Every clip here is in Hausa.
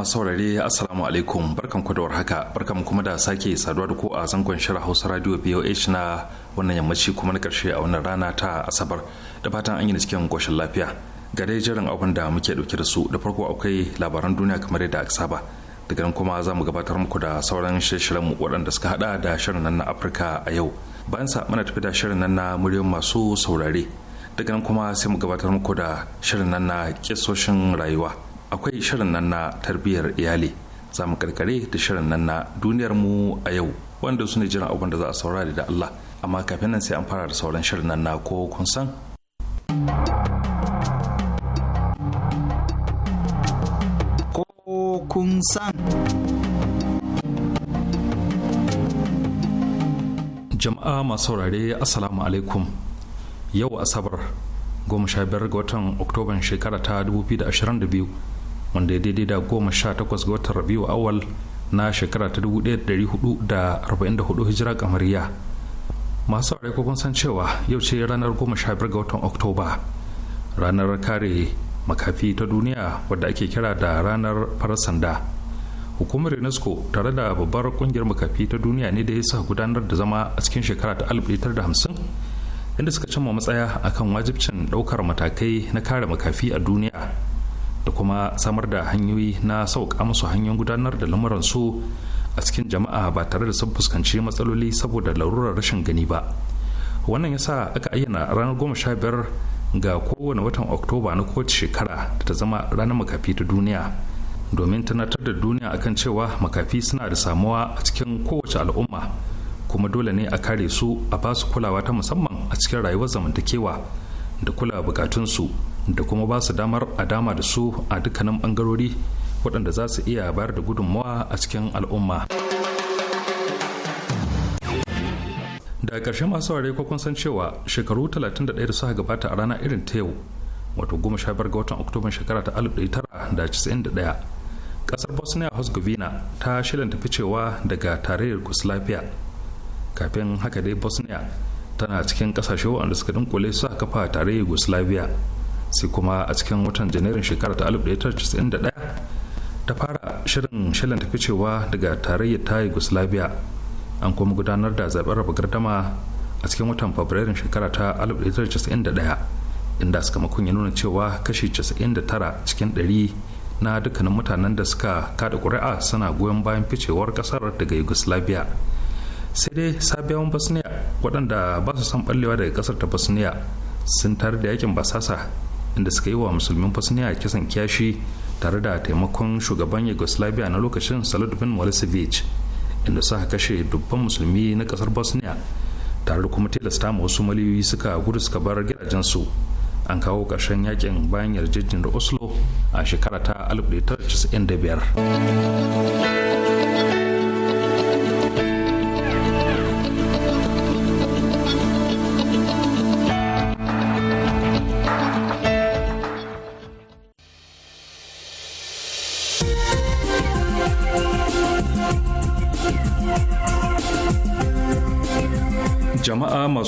masu saurare assalamu alaikum barkan ku da warhaka barkan kuma da sake saduwa da ku a zangon shirin Hausa Radio BOH na wannan yammaci kuma na karshe a wannan rana ta Asabar da fatan an yi cikin goshin lafiya ga dai jiran abin da muke dauke da su da farko akwai labaran duniya kamar yadda aka saba daga nan kuma za mu gabatar muku da sauran shirye mu waɗanda suka hada da shirin nan na Afirka a yau bayan sa muna tafi da shirin nan na muryoyin masu saurare daga nan kuma sai mu gabatar muku da shirin nan na kisoshin rayuwa akwai shirin nan na tarbiyyar iyali za mu karkare da shirin nan na duniyar mu a yau wanda su ne jiran abin da za a saurari da Allah amma kafin nan sai an fara da sauran shirin nan na ko kun san ko kun san jama'a masu saurare assalamu alaikum yau asabar goma sha biyar ga watan oktoban shekara ta 2022 wanda ya daidai da goma sha takwas ga watan rabiu awal na shekara ta dubu ɗaya da hudu da arba'in da hudu hijira kamariya masu aure kun san cewa yau ce ranar goma sha biyar ga watan oktoba ranar kare makafi ta duniya wadda ake kira da ranar farar hukumar unesco tare da babbar kungiyar makafi ta duniya ne da ya sa gudanar da zama a cikin shekara ta alif da hamsin inda suka cimma matsaya akan wajibcin ɗaukar matakai na kare makafi a duniya da kuma samar da hanyoyi na sauƙa musu hanyoyin gudanar da lamuransu a cikin jama'a ba tare da sun fuskanci matsaloli saboda larurar rashin gani ba wannan yasa aka ayyana ranar goma sha biyar ga kowane watan oktoba na kowace shekara da ta zama ranar makafi ta duniya domin tunatar da duniya akan cewa makafi suna da samuwa a cikin kowace al'umma kuma dole ne a kare su a basu kulawa ta musamman a cikin rayuwar zamantakewa da kula bukatunsu da kuma ba su damar a dama da su a dukkanin bangarori waɗanda za su iya bayar da gudunmawa a cikin al'umma da ƙarshe masu ware ko san cewa shekaru 31 da suka gabata a rana irin ta yau wato 15 ga watan oktoban shekara ta 1991 ƙasar bosnia herzegovina ta shilanta ficewa daga tarayyar yugoslavia kafin haka dai bosnia tana cikin kasashe waɗanda suka dunkule su a kafa tarayyar yugoslavia sai kuma a cikin watan janairun shekara ta 1991 ta fara shirin shirin tafi cewa daga tarayyar ta yugoslavia an kuma gudanar da zaɓen raba gardama a cikin watan fabrairun shekara ta 1991 inda sakamakon ya nuna cewa kashi 99 cikin 100 na dukkanin mutanen da suka kada ƙuri'a suna goyon bayan ficewar ƙasar daga yugoslavia sai dai sabiyawan bosnia waɗanda ba su son ɓallewa daga ƙasar ta bosnia sun tare da yakin basasa inda suka yi wa musulmin bosnia kisan kyashi tare da taimakon shugaban yugoslavia na lokacin salad bin milosevic inda suka kashe dubban musulmi na kasar bosnia tare da kuma tilasta ma wasu maliyoyi suka gudu suka bar gidajensu an kawo ƙarshen yakin bayan yarjejin da oslo a shekara ta 1995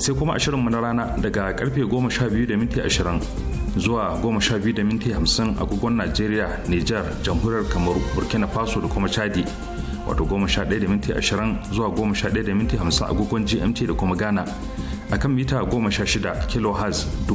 sai kuma a mu na rana daga karfe 12:20 zuwa 12:50 a agogon Najeriya, Nijar, Jamhuriyar Kamaru, Burkina Faso da kuma Chadi. Wato 11.20 zuwa 11.50 a agogon GMT da kuma Ghana. A kan mita 16 sha shida kilohertz da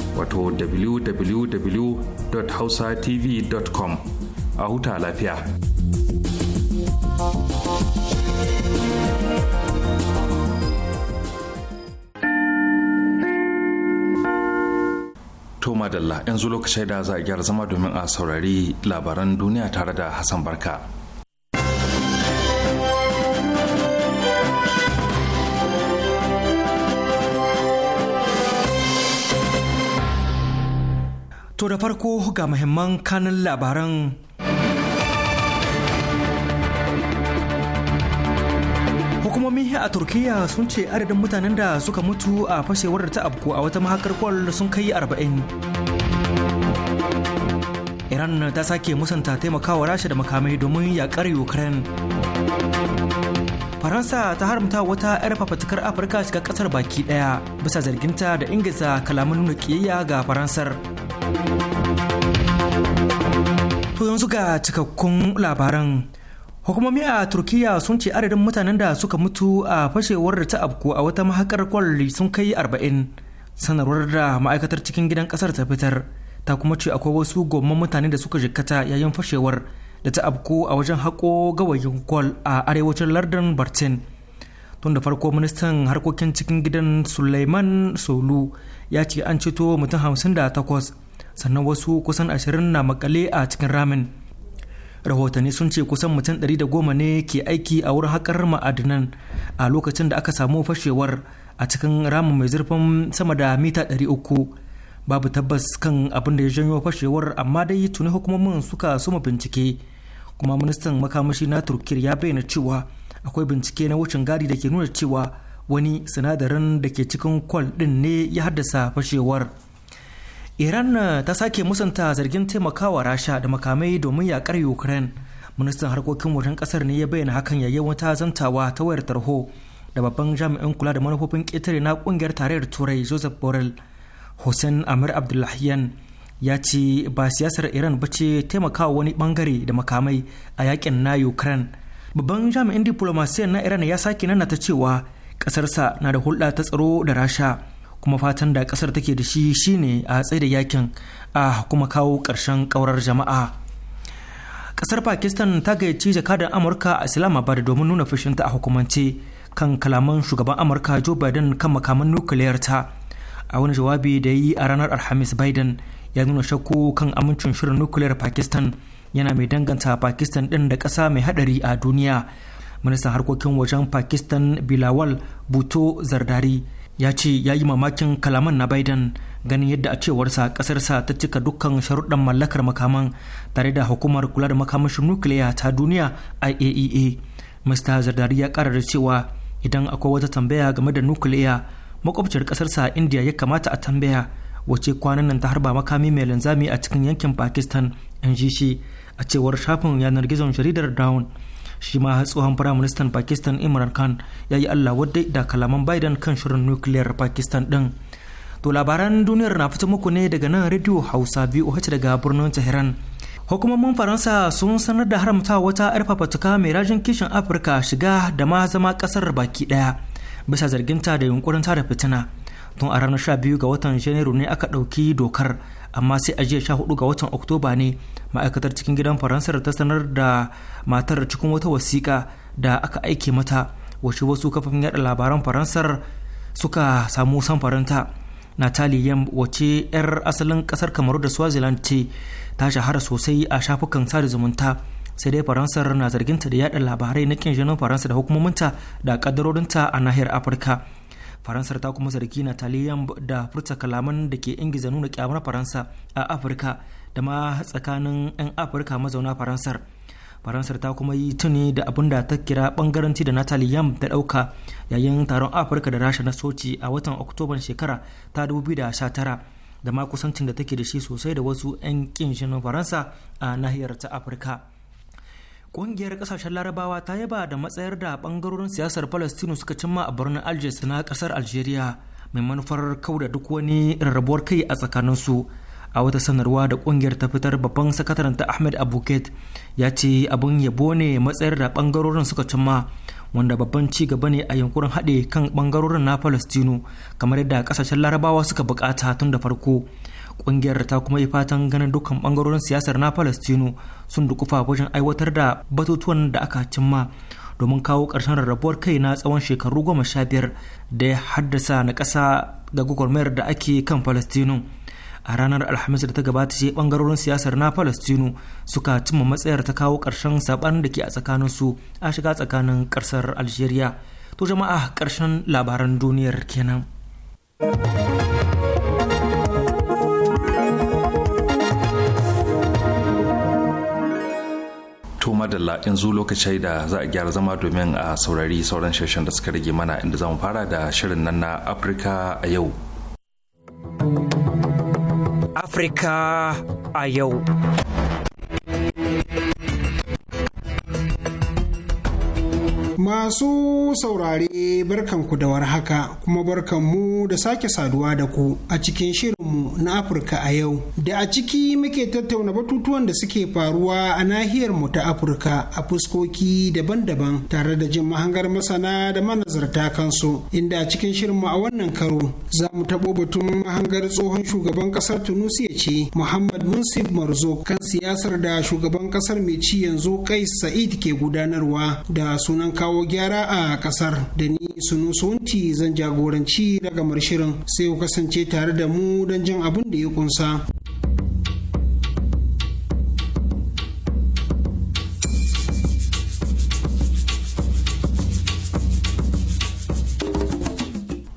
wato www.hausatv.com a huta lafiya. Toma Dalla yanzu lokacin da za a gyara zama domin a saurari labaran duniya tare da Hassan Barka. To da farko ga muhimman kanin labaran. Hukumomi a Turkiyya sun ce adadin mutanen da suka mutu a fashewar ta afku a wata mahakar kwal sun kai arba'in. Iran ta sake musanta taimakawa rasha da makamai domin yakar Ukraine. faransa ta haramta wata 'yar fafatukar afirka shiga kasar baki daya bisa zarginta da ingiza kalaman nuna kiyayya ga faransar To yanzu ga cikakkun labaran. Hukumomi a Turkiyya sun ce adadin mutanen da suka mutu a fashewar da ta afku a wata mahakar kwalli sun kai arba'in. Sanarwar da ma'aikatar cikin gidan kasar ta fitar ta kuma ce akwai wasu gomman mutane da suka jikkata yayin fashewar da ta afku a wajen haƙo gawayin kwal a arewacin lardin Bartin. Tun da farko ministan harkokin cikin gidan Suleiman Solu ya ce an ceto mutum hamsin da takwas sannan wasu kusan ashirin na makale a cikin ramin rahotanni sun ce kusan mutum goma ne ke aiki a wurin haƙar ma'adinan a lokacin da aka samu fashewar a cikin ramin mai zurfin sama da mita uku babu tabbas kan abin da ya janyo fashewar amma dai tuni hukumomin suka suma bincike kuma ministan makamashi na turkiyar ya bayyana cewa akwai bincike na wucin gadi da ke nuna cewa wani sinadarin da ke cikin kwal ɗin ne ya haddasa fashewar. iran eh, ta sake musanta zargin taimakawa rasha da makamai domin yakar ukraine ministan harkokin wajen kasar ne ya bayyana hakan yayin wata zantawa ta wayar tarho da babban jami'in kula da manufofin ƙetare na kungiyar tarayyar turai joseph borrell hussein amir abdullahiyan ya ce ba siyasar iran ba ce taimakawa wani bangare da makamai a yakin na ukraine babban jami'in diplomasiyan na iran ya sake nana ta cewa kasarsa na da hulɗa ta tsaro da rasha kuma fatan da kasar take da shi shine a tsaye da yakin a kuma kawo ƙarshen ƙaurar jama'a ƙasar pakistan ta gayyaci jakadar amurka a islamabad domin nuna fushinta a hukumance kan kalaman shugaban amurka joe biden kan makaman nukiliyar ta a wani jawabi da yi a ranar alhamis biden ya nuna shakku kan amincin shirin nukiliyar pakistan yana mai danganta pakistan din da ƙasa mai hadari a duniya ministan harkokin wajen pakistan bilawal buto zardari ya ce ya yi mamakin kalaman na biden ganin yadda a cewarsa kasarsa ta cika dukkan sharuɗan mallakar makaman tare da hukumar kula da makamashin nukiliya ta duniya iaea mr zardari ya ƙara da cewa idan akwai wata tambaya game da nukiliya makwabciyar kasarsa india ya kamata a tambaya wace kwanan nan ta harba makami mai linzami a cikin yankin pakistan in shi a cewar shafin yanar gizon jaridar down shi ma tsohon firaministan pakistan imran khan ya yi allah wadda da kalaman biden kan shirin nukiliyar pakistan din to labaran duniyar na fito muku ne daga nan radio hausa voh daga birnin tehran hukumomin faransa sun sanar da haramta wata arfafa tuka mai rajin kishin afirka shiga da ma zama kasar baki daya bisa zarginta da yunkurin da fitina tun a ranar 12 ga watan janairu ne aka dauki dokar amma sai a jiya 14 ga watan oktoba ne ma'aikatar cikin gidan faransar ta sanar da matar cikin wata wasiƙa da aka aike mata wasu wasu kafafin yada labaran faransar suka samu samfaranta natalie yam wace 'yar asalin kasar kamaru da swaziland ce ta shahara sosai a shafukan sada zumunta sai dai faransar na zarginta da yada labarai na kin jinin faransa da hukumominta da kaddarorinta a nahiyar afirka faransar ta kuma zargi natalie yam da furta kalaman da ke ingiza nuna kyamar faransa a afirka da ma tsakanin 'yan afirka mazauna faransar faransar ta kuma yi tuni da abin da ta kira bangaranci da natalie yam da dauka yayin taron afirka da rasha na soci a watan oktoban shekara ta 2019 da ma kusancin da take da shi sosai da wasu 'yan kinshinin faransa a nahiyar ta afirka ƙungiyar ƙasashen larabawa ta yaba da matsayar da ɓangarorin siyasar palestino suka cimma a birnin algiers na ƙasar algeria mai manufar da duk wani rarrabuwar kai a tsakaninsu su a wata sanarwa da kungiyar ta fitar babban sakataren ta ahmed abuket ya ce abin yabo ne matsayar da bangarorin suka cimma wanda babban ci gaba ne a yankurin haɗe kan bangarorin na palestino kamar yadda kasashen larabawa suka bukata tun da farko kungiyar ta kuma yi fatan ganin dukkan bangarorin siyasar na palestino sun dukufa wajen aiwatar da batutuwan da aka cimma domin kawo ƙarshen rarrabuwar kai na tsawon shekaru goma sha biyar da ya haddasa na ƙasa ga gwagwarmayar da ake kan palestino a ranar alhamis da ta gabata ce bangarorin siyasar na palestinu suka cimma matsayar ta kawo ƙarshen saban da ke a tsakanin su a shiga tsakanin karsar algeria to jama'a karshen labaran duniyar kenan. to madalla yanzu lokacin da za a gyara zama domin a saurari sauran shirshen da suka rage mana inda zamu fara da shirin nan na afirka a yau Afirka a yau. Masu saurare barkanku da warhaka kuma barkanmu da sake saduwa da ku a cikin shirinmu na Afirka a yau. Da a ciki muke tattauna batutuwan da suke faruwa a nahiyar mu ta Afirka a fuskoki daban-daban tare da jin mahangar masana da manazarta kansu inda a cikin shirinmu a wannan karo za mu taɓo batun mahangar tsohon shugaban ƙasar tunisia ce Muhammad Munsif Marzo kan siyasar da shugaban ƙasar mai ci yanzu kai Sa'id ke gudanarwa da sunan kawo gyara a kasar da ni sunusunti zan jagoranci daga shirin sai ku kasance tare da mu don jin abin da ya kunsa.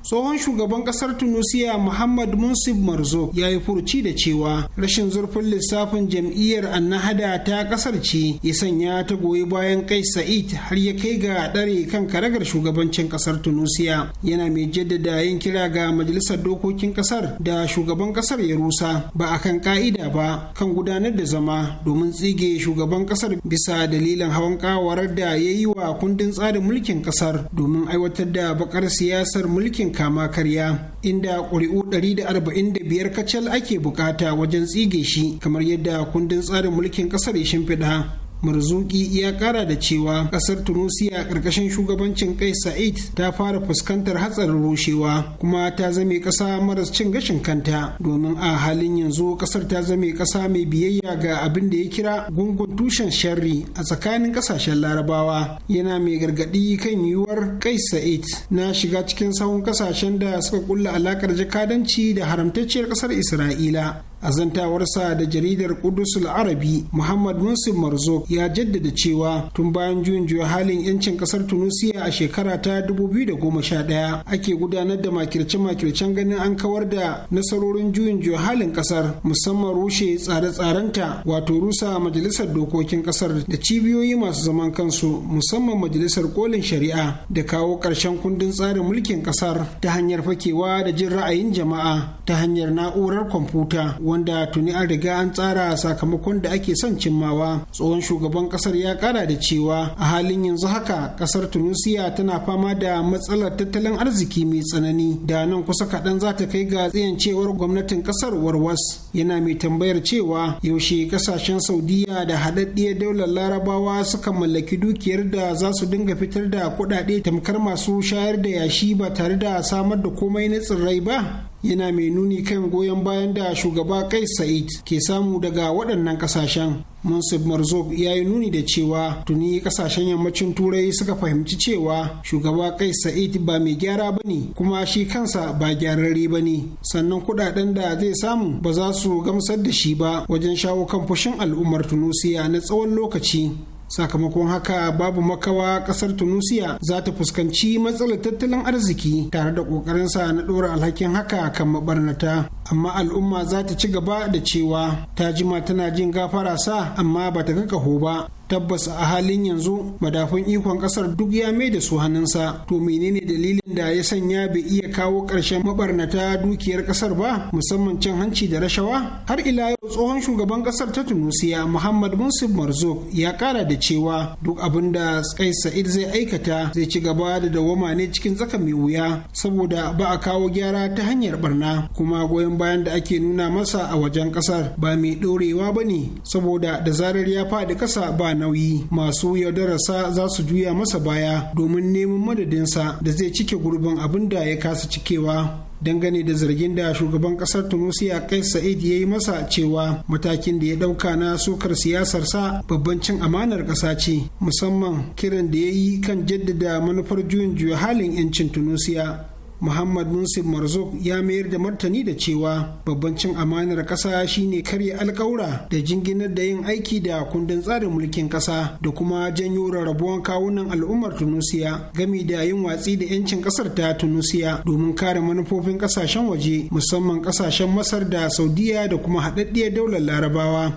tsohon shugaban kasar tunisia muhammad munsif marzo ya yi furuci da cewa rashin zurfin lissafin jam'iyyar annahada ta kasar ce ya sanya ta goyi bayan kai sa'id har ya kai ga ɗare kan karagar shugabancin kasar tunisia yana mai jaddada yin kira ga majalisar dokokin kasar da shugaban kasar ya rusa ba a kan ka'ida ba kan gudanar da zama domin tsige shugaban kasar bisa dalilin hawan kawarar da ya yi wa kundin tsarin mulkin kasar domin aiwatar da bakar siyasar mulkin kama karya inda ƙuri'u 145 kacal ake bukata wajen tsige shi kamar yadda kundin tsarin mulkin ƙasar ya shimfiɗa marzuki ya kara da cewa kasar tunisia karkashin shugabancin kai sa'id ta fara fuskantar hatsarin rushewa kuma ta zame kasa maras cin gashin kanta domin a halin yanzu kasar ta zame kasa mai biyayya ga abin da ya kira gungun tushen sharri a tsakanin kasashen larabawa yana mai gargadi kan yiwuwar kai sa'id na shiga cikin sahun kasashen da suka kulla alakar jakadanci da haramtacciyar kasar isra'ila Azantawarsa da jaridar kudusul arabi muhammad munsif marzok ya jaddada cewa tun bayan juyin juya halin yancin kasar tunisia a shekara ta 2011 ake gudanar da makirce-makircen ganin an kawar da nasarorin juyin juya halin kasar musamman rushe tsare-tsarenta wato rusa majalisar dokokin kasar da cibiyoyi masu zaman kansu musamman majalisar kolin shari'a da kawo ƙarshen kundin tsarin mulkin kasar ta hanyar fakewa da jin ra'ayin jama'a ta hanyar na'urar kwamfuta wanda tuni an riga an tsara sakamakon da ake son cimmawa tsohon shugaban kasar ya kara da cewa a halin yanzu haka kasar tunisia tana fama da matsalar tattalin arziki mai tsanani da nan kusa kaɗan za ta kai ga tsayancewar gwamnatin kasar warwas yana mai tambayar cewa yaushe kasashen saudiya da haɗaɗɗiyar daular larabawa suka mallaki dukiyar da za su dinga fitar da kuɗaɗe tamkar masu shayar da yashi ba tare da samar da komai na tsirrai ba yana mai nuni kan goyon bayan da shugaba kai sa'id ke samu daga waɗannan ƙasashen Mansub Marzog ya yi nuni da cewa tuni ƙasashen yammacin turai suka fahimci cewa shugaba kai Sa'id ba mai gyara ba ne kuma shi kansa ba gyararre ba ne sannan kudaden da zai samu ba za su gamsar da shi ba wajen shawo kan fushin al'ummar Tunusiya na tsawon lokaci. sakamakon haka babu makawa kasar tunisia za ta fuskanci matsalar tattalin arziki tare da kokarinsa na ɗora alhakin haka kan mabarnata amma al'umma za ta ci gaba da cewa ta jima tana jin gafara sa amma ba ta ga ƙaho ba tabbas a halin yanzu madafun ikon kasar duk ya mai da su hannunsa to menene dalilin da ya sanya bai iya kawo ƙarshen mabarnata dukiyar kasar ba musamman cin hanci da rashawa har ila yau tsohon shugaban kasar ta tunusiya muhammad munsif marzouk ya kara da cewa duk abin da tsai sa'id zai aikata zai ci gaba da dawwama ne cikin tsaka mai wuya saboda ba a kawo gyara ta hanyar barna kuma goyon bayan da ake nuna masa a wajen kasar ba mai ɗorewa ba ne saboda da zarar ya faɗi ƙasa ba nauyi masu yaudararsa za su juya masa baya domin neman madadinsa da zai cike gurbin abin da ya kasa cikewa dangane da zargin da shugaban kasar tunisia kai sa'id ya yi masa cewa matakin da ya ɗauka na sokar siyasarsa babban cin amanar ƙasa ce musamman kiran da ya yi kan jaddada manufar juyin juya halin 'yancin tunisia muhammad munsif marzuk ya mayar da martani da cewa babban cin amanar ƙasa shine karya alƙawura da jinginar da yin aiki da kundin tsarin mulkin kasa da kuma janyo rarrabuwan kawunan al'ummar tunusiya gami da yin watsi da 'yancin kasar ta tunusiya domin kare manufofin kasashen waje musamman kasashen masar da saudiya da kuma haɗaɗɗiyar daular larabawa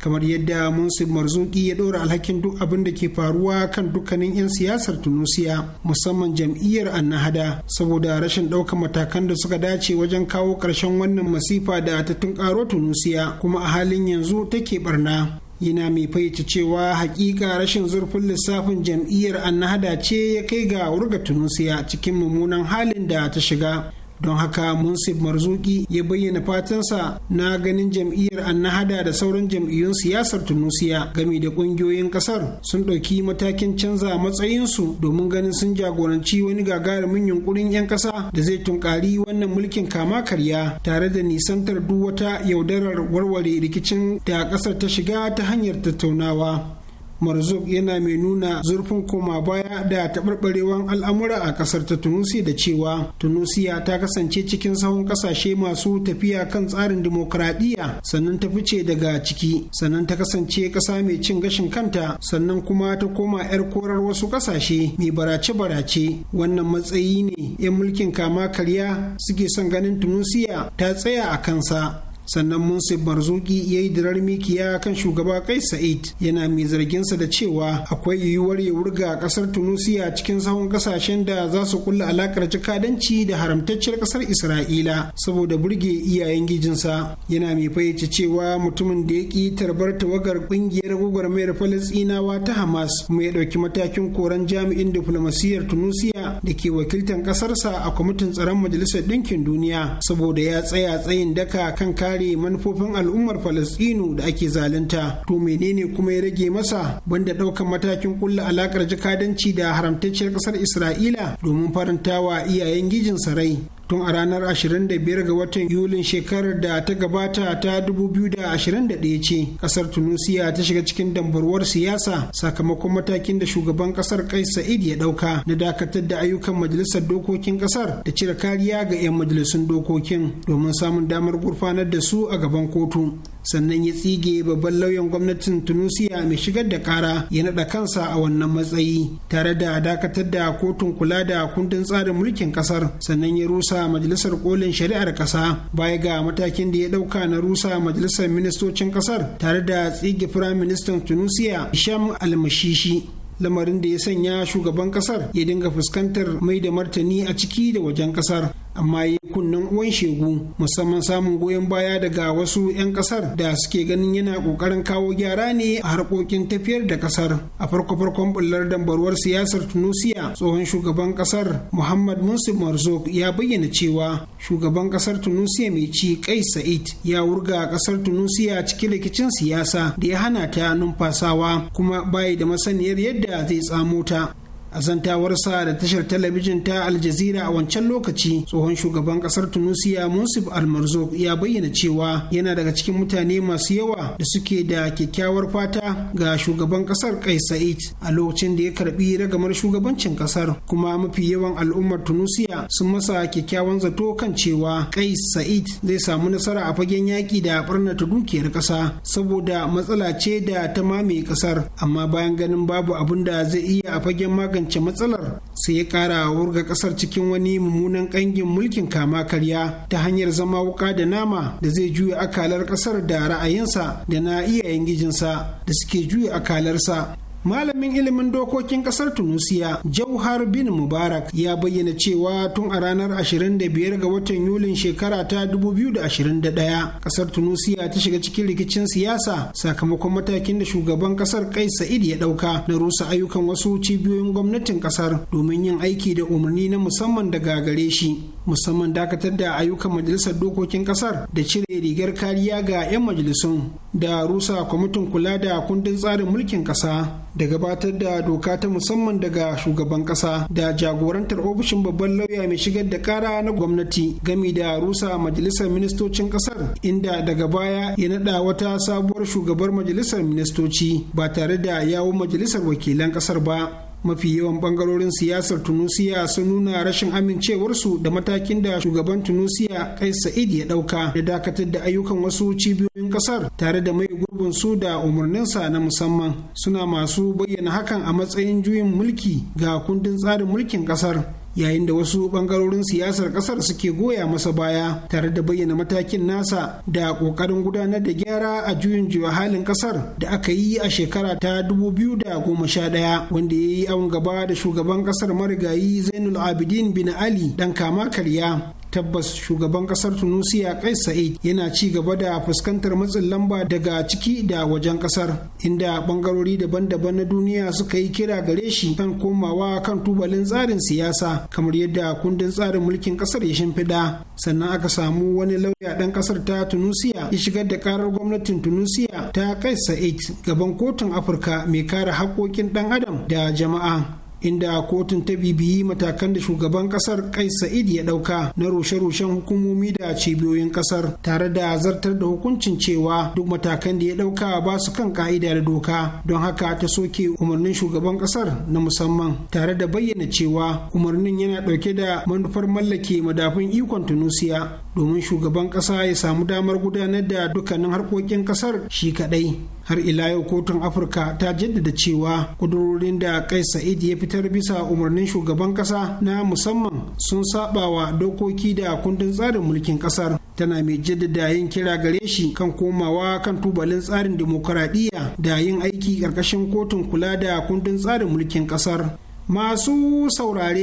kamar yadda munsif marzuki ya dora alhakin duk abin da ke faruwa kan dukkanin 'yan siyasar tunusiya musamman jam'iyyar annahada saboda rashin ɗaukar matakan da suka dace wajen kawo ƙarshen wannan masifa da ta tunkaro tunusiya kuma a halin yanzu take barna yana mai fayyace cewa hakika rashin zurfin lissafin jam'iyyar annahada ce ya kai ga wurga tunusiya cikin mummunan halin da ta shiga don haka munsif marzuki ya bayyana fatansa na ganin jam'iyyar annahada da sauran jam'iyyun siyasar tunusiya game da ƙungiyoyin ƙasar sun ɗauki matakin canza matsayinsu domin ganin sun jagoranci wani gagarumin yunkurin 'yan ƙasa da zai tunkari wannan mulkin kama karya tare da nisantar duk wata yaudarar warware rikicin da ƙasar ta shiga ta hanyar tattaunawa marzuk yana mai nuna zurfin koma baya da taɓarɓarewan al'amura a ƙasar ta tunusi da cewa tunusiya ta kasance cikin sahun ƙasashe masu tafiya kan tsarin dimokuraɗiyya sannan ta fice daga ciki sannan ta kasance ƙasa mai cin gashin kanta sannan kuma ta koma 'yar korar wasu ƙasashe mai barace-barace wannan matsayi ne 'yan mulkin kama karya suke son ganin tunusiya ta tsaya a kansa sannan munsi barzuki ya yi dirar mikiya kan shugaba kai sa'id yana mai zarginsa da cewa akwai yiwuwar ya wurga kasar tunusiya cikin sahun kasashen da za su kulla alakar jakadanci da haramtacciyar kasar isra'ila saboda burge iyayen gijinsa yana mai fayyace cewa mutumin da ya ki tarbar tawagar kungiyar gwagwarmayar Falasinawa ta hamas mai ɗauki matakin koran jami'in diflomasiyyar tunusiya da ke wakiltar kasarsa a kwamitin tsaron majalisar ɗinkin duniya saboda ya tsaya tsayin daka kan kare manufofin al'ummar falastinu da ake zalunta to menene kuma ya rage masa banda ɗaukar matakin kulla alakar jakadanci da haramtacciyar ƙasar isra'ila domin farantawa iyayen gijin sarai tun a ranar 25 ga watan yulin shekarar da ta gabata ta 2021 ce kasar tunisia ta shiga cikin damburwar siyasa sakamakon matakin da shugaban kasar kai sa'id ya dauka na dakatar da ayyukan majalisar dokokin kasar da cire kariya ga 'yan majalisun dokokin domin samun damar gurfanar da su a gaban kotu sannan ya tsige babban lauyan gwamnatin tunisia mai shigar da kara ya naɗa kansa a wannan matsayi tare da dakatar da kotun kula da kundin tsarin mulkin kasar sannan ya rusa majalisar kolin shari'ar kasa baya ga matakin da ya ɗauka na rusa majalisar ministocin kasar tare da tsige firaministan tunisia isham almashishi lamarin da ya sanya shugaban kasar ya dinga fuskantar mai da martani a ciki da wajen kasar amma yi kunnen uwan shegu musamman samun goyon baya daga wasu 'yan kasar da suke ganin yana kokarin kawo gyara ne a harkokin tafiyar da kasar a farko farkon bullar dambarwar siyasar tunisia tsohon shugaban kasar muhammad Musa marzok ya bayyana cewa shugaban kasar tunisia mai ci kai sa'id ya wurga kasar tunisia cikin rikicin siyasa da ya hana ta numfasawa kuma bayi da masaniyar yadda zai tsamo ta a zantawar sa da tashar talabijin ta aljazira a wancan lokaci tsohon shugaban kasar tunisia musib Almarzo ya bayyana cewa yana daga cikin mutane masu yawa da suke da kyakkyawar fata ga shugaban kasar kai sa'id a lokacin da ya karbi ragamar shugabancin kasar kuma mafi yawan al'ummar tunisia sun masa kyakkyawan zato kan cewa kai sa'id zai samu nasara a fagen yaki da barnata dukiyar kasa saboda matsala ce da ta mame kasar amma bayan ganin babu abin da zai iya a fagen magani magance matsalar sai ya kara wurga kasar cikin wani mummunan kangin mulkin kama karya ta hanyar zama wuka da nama da zai juya akalar kasar da ra'ayinsa da na iyayen gijinsa da suke juya akalarsa malamin ilimin dokokin kasar tunisia jauhar bin mubarak ya bayyana cewa tun a ranar 25 ga watan yulin shekara ta 2021 kasar tunisia ta shiga cikin rikicin siyasa sakamakon matakin da shugaban kasar kai sa'id ya ɗauka na rusa ayyukan wasu cibiyoyin gwamnatin kasar domin yin aiki da umarni na musamman daga gare shi musamman dakatar da ayyukan majalisar dokokin kasar da cire rigar kariya ga 'yan majalisun da rusa kwamitin kula da kundin tsarin mulkin kasa da gabatar da doka ta musamman daga shugaban kasa da jagorantar ofishin babban lauya mai shigar da kara na gwamnati gami da rusa majalisar ministocin kasar inda daga baya ya nada wata sabuwar shugabar majalisar ministoci ba tare da yawon majalisar wakilan kasar ba mafi yawan bangarorin siyasar tunisia sun nuna rashin amincewarsu da matakin da shugaban tunisia kai sa'id ya dauka da dakatar da ayyukan wasu cibiyoyin kasar tare da mai gurbin su da umarninsa na musamman suna masu bayyana hakan a matsayin juyin mulki ga kundin tsarin mulkin kasar yayin da wasu bangarorin siyasar kasar suke goya masa baya tare da bayyana matakin nasa da kokarin gudanar da gyara a juyin juya halin kasar da aka yi a shekara ta 2011 wanda ya yi awon gaba da shugaban kasar marigayi zainul abidin bin ali dan kama karya tabbas shugaban kasar tunisia kai sa'id yana ci gaba da fuskantar matsin lamba daga ciki da wajen kasar inda bangarori daban-daban na duniya suka yi kira gare shi kan komawa kan tubalin tsarin siyasa kamar yadda kundin tsarin mulkin kasar ya shimfiɗa sannan aka samu wani lauya ɗan kasar ta tunisia ya shigar da karar gwamnatin tunisia ta kai sa'id gaban kotun afirka mai kare haƙƙoƙin ɗan adam da jama'a inda kotun ta bibiyi matakan da shugaban kasar kai sa'id ya dauka na rushe-rushen hukumomi da cibiyoyin kasar tare da zartar da hukuncin cewa duk matakan da ya dauka ba su kan ka'ida da doka don haka ta soke umarnin shugaban kasar na musamman tare da bayyana cewa umarnin yana dauke da manufar mallake madafun ikon tunusiya domin shugaban kasa ya samu damar gudanar da dukkanin harkokin kasar shi kadai har ila yau kotun afirka ta jaddada cewa kudurorin da kai sa'id ya fitar bisa umarnin shugaban kasa na musamman sun saba wa dokoki da kundin tsarin mulkin kasar tana mai jaddada yin kira gare shi kan komawa kan tubalin tsarin dimokuraɗiyya da yin aiki ƙarƙashin kotun kula da kundin tsarin mulkin kasar masu saurare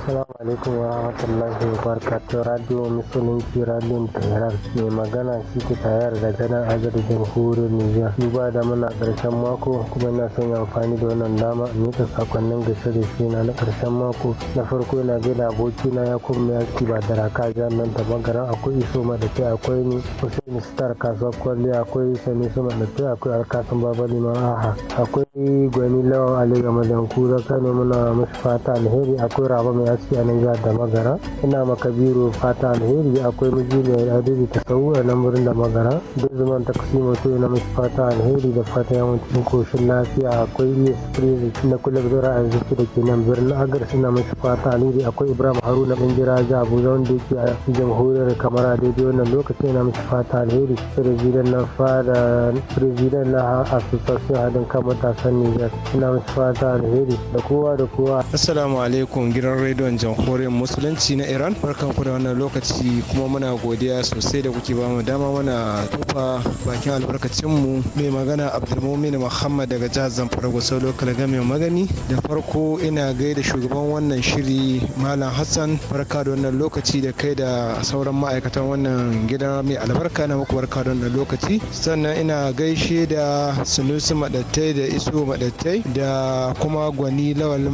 Assalamu alaikum wa rahmatullahi wa barakatuh Radio Musulunci Radio Tehran mai magana shi ke tayar da ganin agar jamhuriyar Nijar. Duba da muna karshen mako kuma ina son yi amfani da wannan dama in yi sakonnin gasa da shi na na mako. Na farko ina da aboki na ya kuma ya ci ba da raka nan da magana akwai iso ma da ke akwai ni ni Star kasuwar kwalli akwai Sani Suma da ke akwai Alkasun Babali aha. akwai Gwani Lawan Ali Gamadan Kura Kano muna mashi fata alheri akwai Raba mai aski a nan da magara ina ma kabiru fata alheri akwai miji mai adadi ta sau a nan da magara duk zaman ta kusi mutu na mashi fata alheri da fata yawon cikin koshin lafiya akwai ne spring na kula da a zuki da ke nan birnin agar suna mashi fata alheri akwai ibrahim haruna bingira ja abuja wanda yake a jamhuriyar kamar a daidai wannan lokaci yana mashi fata alheri Firizidan na fada firizidan na asusasun haɗin kan matasan niger suna mashi fata alheri da kowa da kowa assalamu alaikum gidan rediyon jamhuriyar musulunci na iran barkan ku da wannan lokaci kuma muna godiya sosai da kuke bamu dama muna tufa bakin albarkacin mu mai magana abdulmumin muhammad daga jihar zamfara gusau lokal game magani da farko ina gaida shugaban wannan shiri malam hassan barka da wannan lokaci da kai da sauran ma'aikatan wannan gidan mai albarka na muku barka da wannan lokaci sannan ina gaishe da sunusu madattai da iso madattai da kuma gwani lawal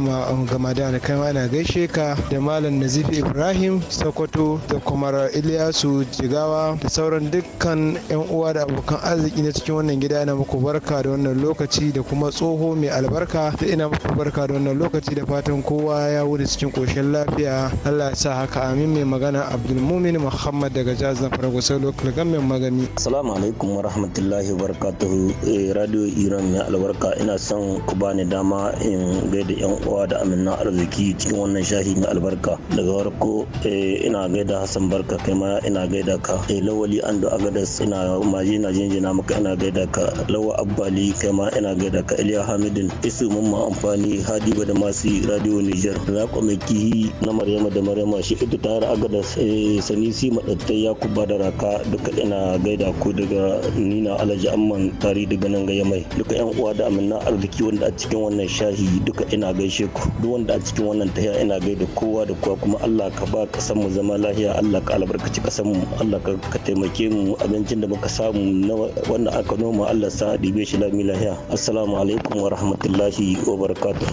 gama da kai ma ina gaishe Amurka da Malam nazifi Ibrahim Sokoto da kuma Ilyasu Jigawa da sauran dukkan 'yan uwa da abokan arziki na cikin wannan gida ina muku barka da wannan lokaci da kuma tsoho mai albarka da ina muku barka da wannan lokaci da fatan kowa ya wuce cikin koshin lafiya Allah ya sa haka amin mai magana abdul mumin Muhammad daga Jazz na Farago sai lokal gamin magani. Assalamu alaikum wa rahmatullahi wa barakatuhu eh, Radio Iran mai albarka ina son ku bani dama in gaida 'yan uwa da aminan arziki cikin wannan shahi tahi mai albarka daga farko eh, ina gaida hassan barka kai ma ina gaida ka eh, lawali an do agadas ina maji na jinjina maka ina gaida ka lawa abbali kai ma ina gaida ka iliya hamidin isu mamma amfani hadi da masu radio niger za ku mai kihi na maryama da maryama shi ita tare agadas eh, sanisi madattai ya kuba da raka duka ina gaida ku daga nina alhaji amman tari daga nan gaya mai duka yan uwa da amina arziki wanda a cikin wannan shahi duka ina gaishe ku duk wanda a cikin wannan tahiya ina gaida da kowa da kowa kuma Allah ka ba kasan mu zama lafiya Allah ka albarkaci kasan mu Allah ka taimake mu abincin da muka samu na wannan aka noma Allah sa dibe shi lami lafiya assalamu alaikum wa rahmatullahi wa barakatuh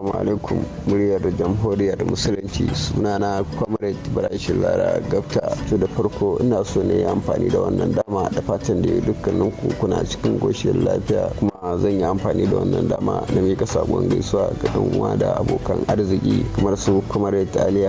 Assalamu alaikum muryar jamhuriyar musulunci sunana comrade Ibrahim Lara Gafta to da farko ina so ne amfani da wannan dama da fatan da dukkanin ku kuna cikin goshin lafiya kuma zan yi amfani da wannan dama na mika sabon gaisuwa ga dan uwa da abokan arziki kamar su comrade Ali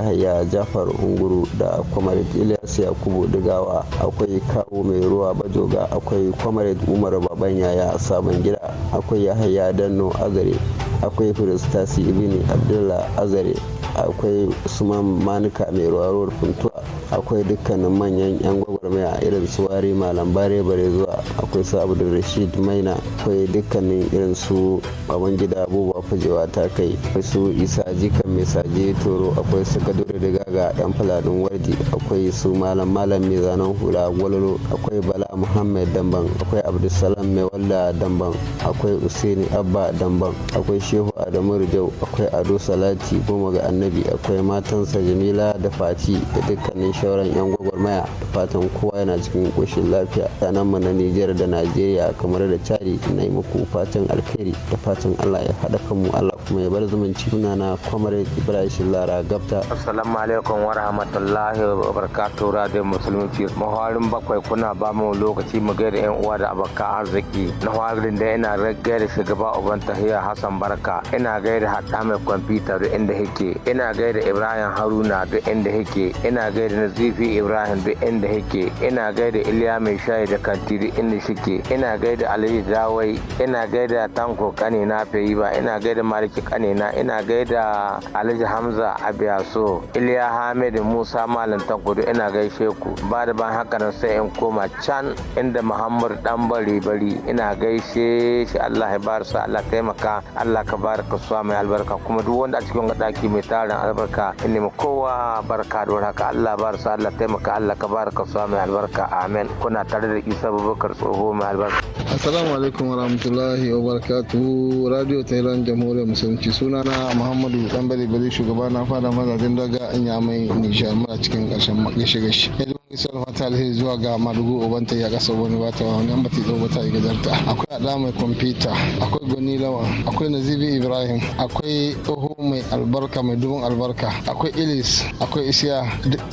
Jafar Unguru da comrade Ilyas Yakubu Digawa akwai kawo mai ruwa bajoga akwai comrade Umar Baban Yaya Sabon Gida akwai Yahaya Danno Azare akwai Firistasi ibn abdullah azare akwai suman manuka mai ruwa funtuwa akwai dukkanin manyan yan gwagwarmaya irin su wari malam bare bare zuwa akwai su abu rashid maina akwai dukkanin irin su baban gida abubuwa fajewa ta kai akwai su isa jikan mai saje toro akwai su kaduri riga ga yan fuladin wardi akwai su malam malam mai zanen hula gwalolo akwai bala muhammad damban akwai abdulsalam mai walla damban akwai usaini abba damban akwai shehu adamu rijau akwai ado salati goma ga annabi akwai matansa jamila da fati da dukkanin shauran yan gwagwarmaya da fatan kowa yana cikin koshin lafiya yanan mu na nijar da najeriya kamar da cari na yi muku fatan alkhairi da fatan allah ya haɗa kanmu allah mai bar zumunci suna na kwamar ibrahim lara gabta assalamu alaikum wa rahmatullahi wa barakatuh radio musulunci mahawarin bakwai kuna ba mu lokaci mu gaida yan uwa da abokan arziki na hawarin da ina da shugaba uban tahiya hassan barka ina gaida hada mai kwamfuta duk inda yake ina gaida ibrahim haruna duk inda yake ina gaida nazifi ibrahim duk inda yake ina gaida iliya mai shayi da kanti duk inda shike ina gaida aliyu dawai ina gaida tanko kani na fayi ba ina gaida malik zaki kanina ina gaida alhaji hamza abiyaso iliya hamid musa malam tankudu ina gaishe ku ba da ban haka nan sai in koma can inda muhammad dan bari bari ina gaishe shi allah ya bar sa allah taimaka allah ka baraka suwa mai albarka kuma duk wanda a cikin daki mai tarin albarka in nemi kowa barka don haka allah bar sa allah taimaka allah ka baraka suwa mai albarka amen kuna tare da isa babakar tsoho mai albarka assalamu alaikum wa wabarakatuh radio tehran jamhuriyar musulunci suna na muhammadu dan bale bale shugaba na fada mazajen daga an yi amai nijar muna cikin ƙarshen gashi gashi isar fata alheri zuwa ga madugu ubanta ya kasa wani bata wani an bata zo bata ga zarta akwai ada mai kwamfuta akwai gwani lawan akwai nazibi ibrahim akwai oho mai albarka mai dubin albarka akwai ilis akwai isiya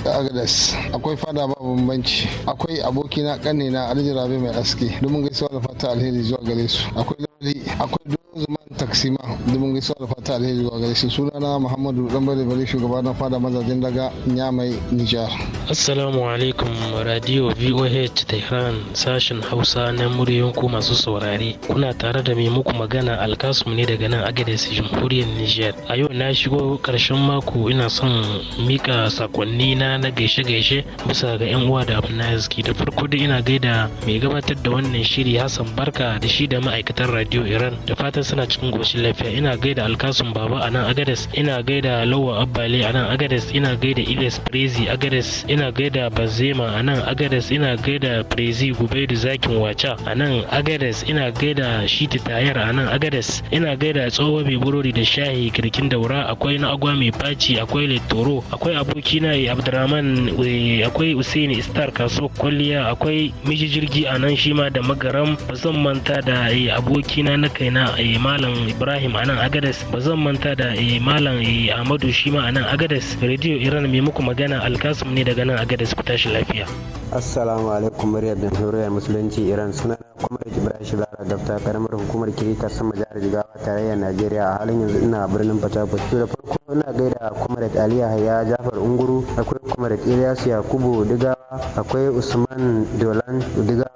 agadas akwai fada ba bambanci akwai abokina kanina alhaji rabi mai aske domin gaisuwa da fata alheri zuwa gare su akwai alheri akwai dogon zaman taksima domin gaisuwa da fata alheri zuwa gare shi sunana muhammadu dan bare bare shugaba na fada mazajen daga nyamai nijar assalamu alaikum radio voh tehran sashen hausa na muryoyin ku masu saurare kuna tare da mai muku magana alkasum ne daga nan agadez jamhuriyar nijar a yau na shigo karshen mako ina son mika sakonni na na gaishe gaishe bisa ga yan uwa da abu na da farko dai ina gaida mai gabatar da wannan shiri hassan barka da shi da ma'aikatan radio iran da fatan suna cikin goshin lafiya ina gaida alkasun baba a nan agades ina gaida lawa abbali a nan agades ina gaida iles prezi agades ina gaida bazema a nan agades ina gaida prezi gubaidu zakin wacha a nan agades ina gaida shiti tayar a nan agades ina gaida tsoho mai burori da shahi kirkin daura akwai na agwa mai faci akwai letoro akwai aboki abokina abdurrahman eh, akwai usaini star kaso kwalliya akwai miji jirgi a nan shi da magaram ba zan manta da eh, aboki abokina na kaina a eh, malam ibrahim a nan agadas ba zan manta da eh, malam eh, amadu shi ma a nan agadas radio iran mai muku magana alkasum ne daga nan agadas ku tashi lafiya assalamu alaikum bin jamhuriyar musulunci iran suna kuma da ibrahim shizara dafta karamar hukumar kirika sama jihar jigawa tarayyar najeriya a halin yanzu ina birnin fatakwal da farko ina gaida kumaret ali yahaya jafar unguru akwai kumaret ilyas yakubu digawa akwai usman dolan digawa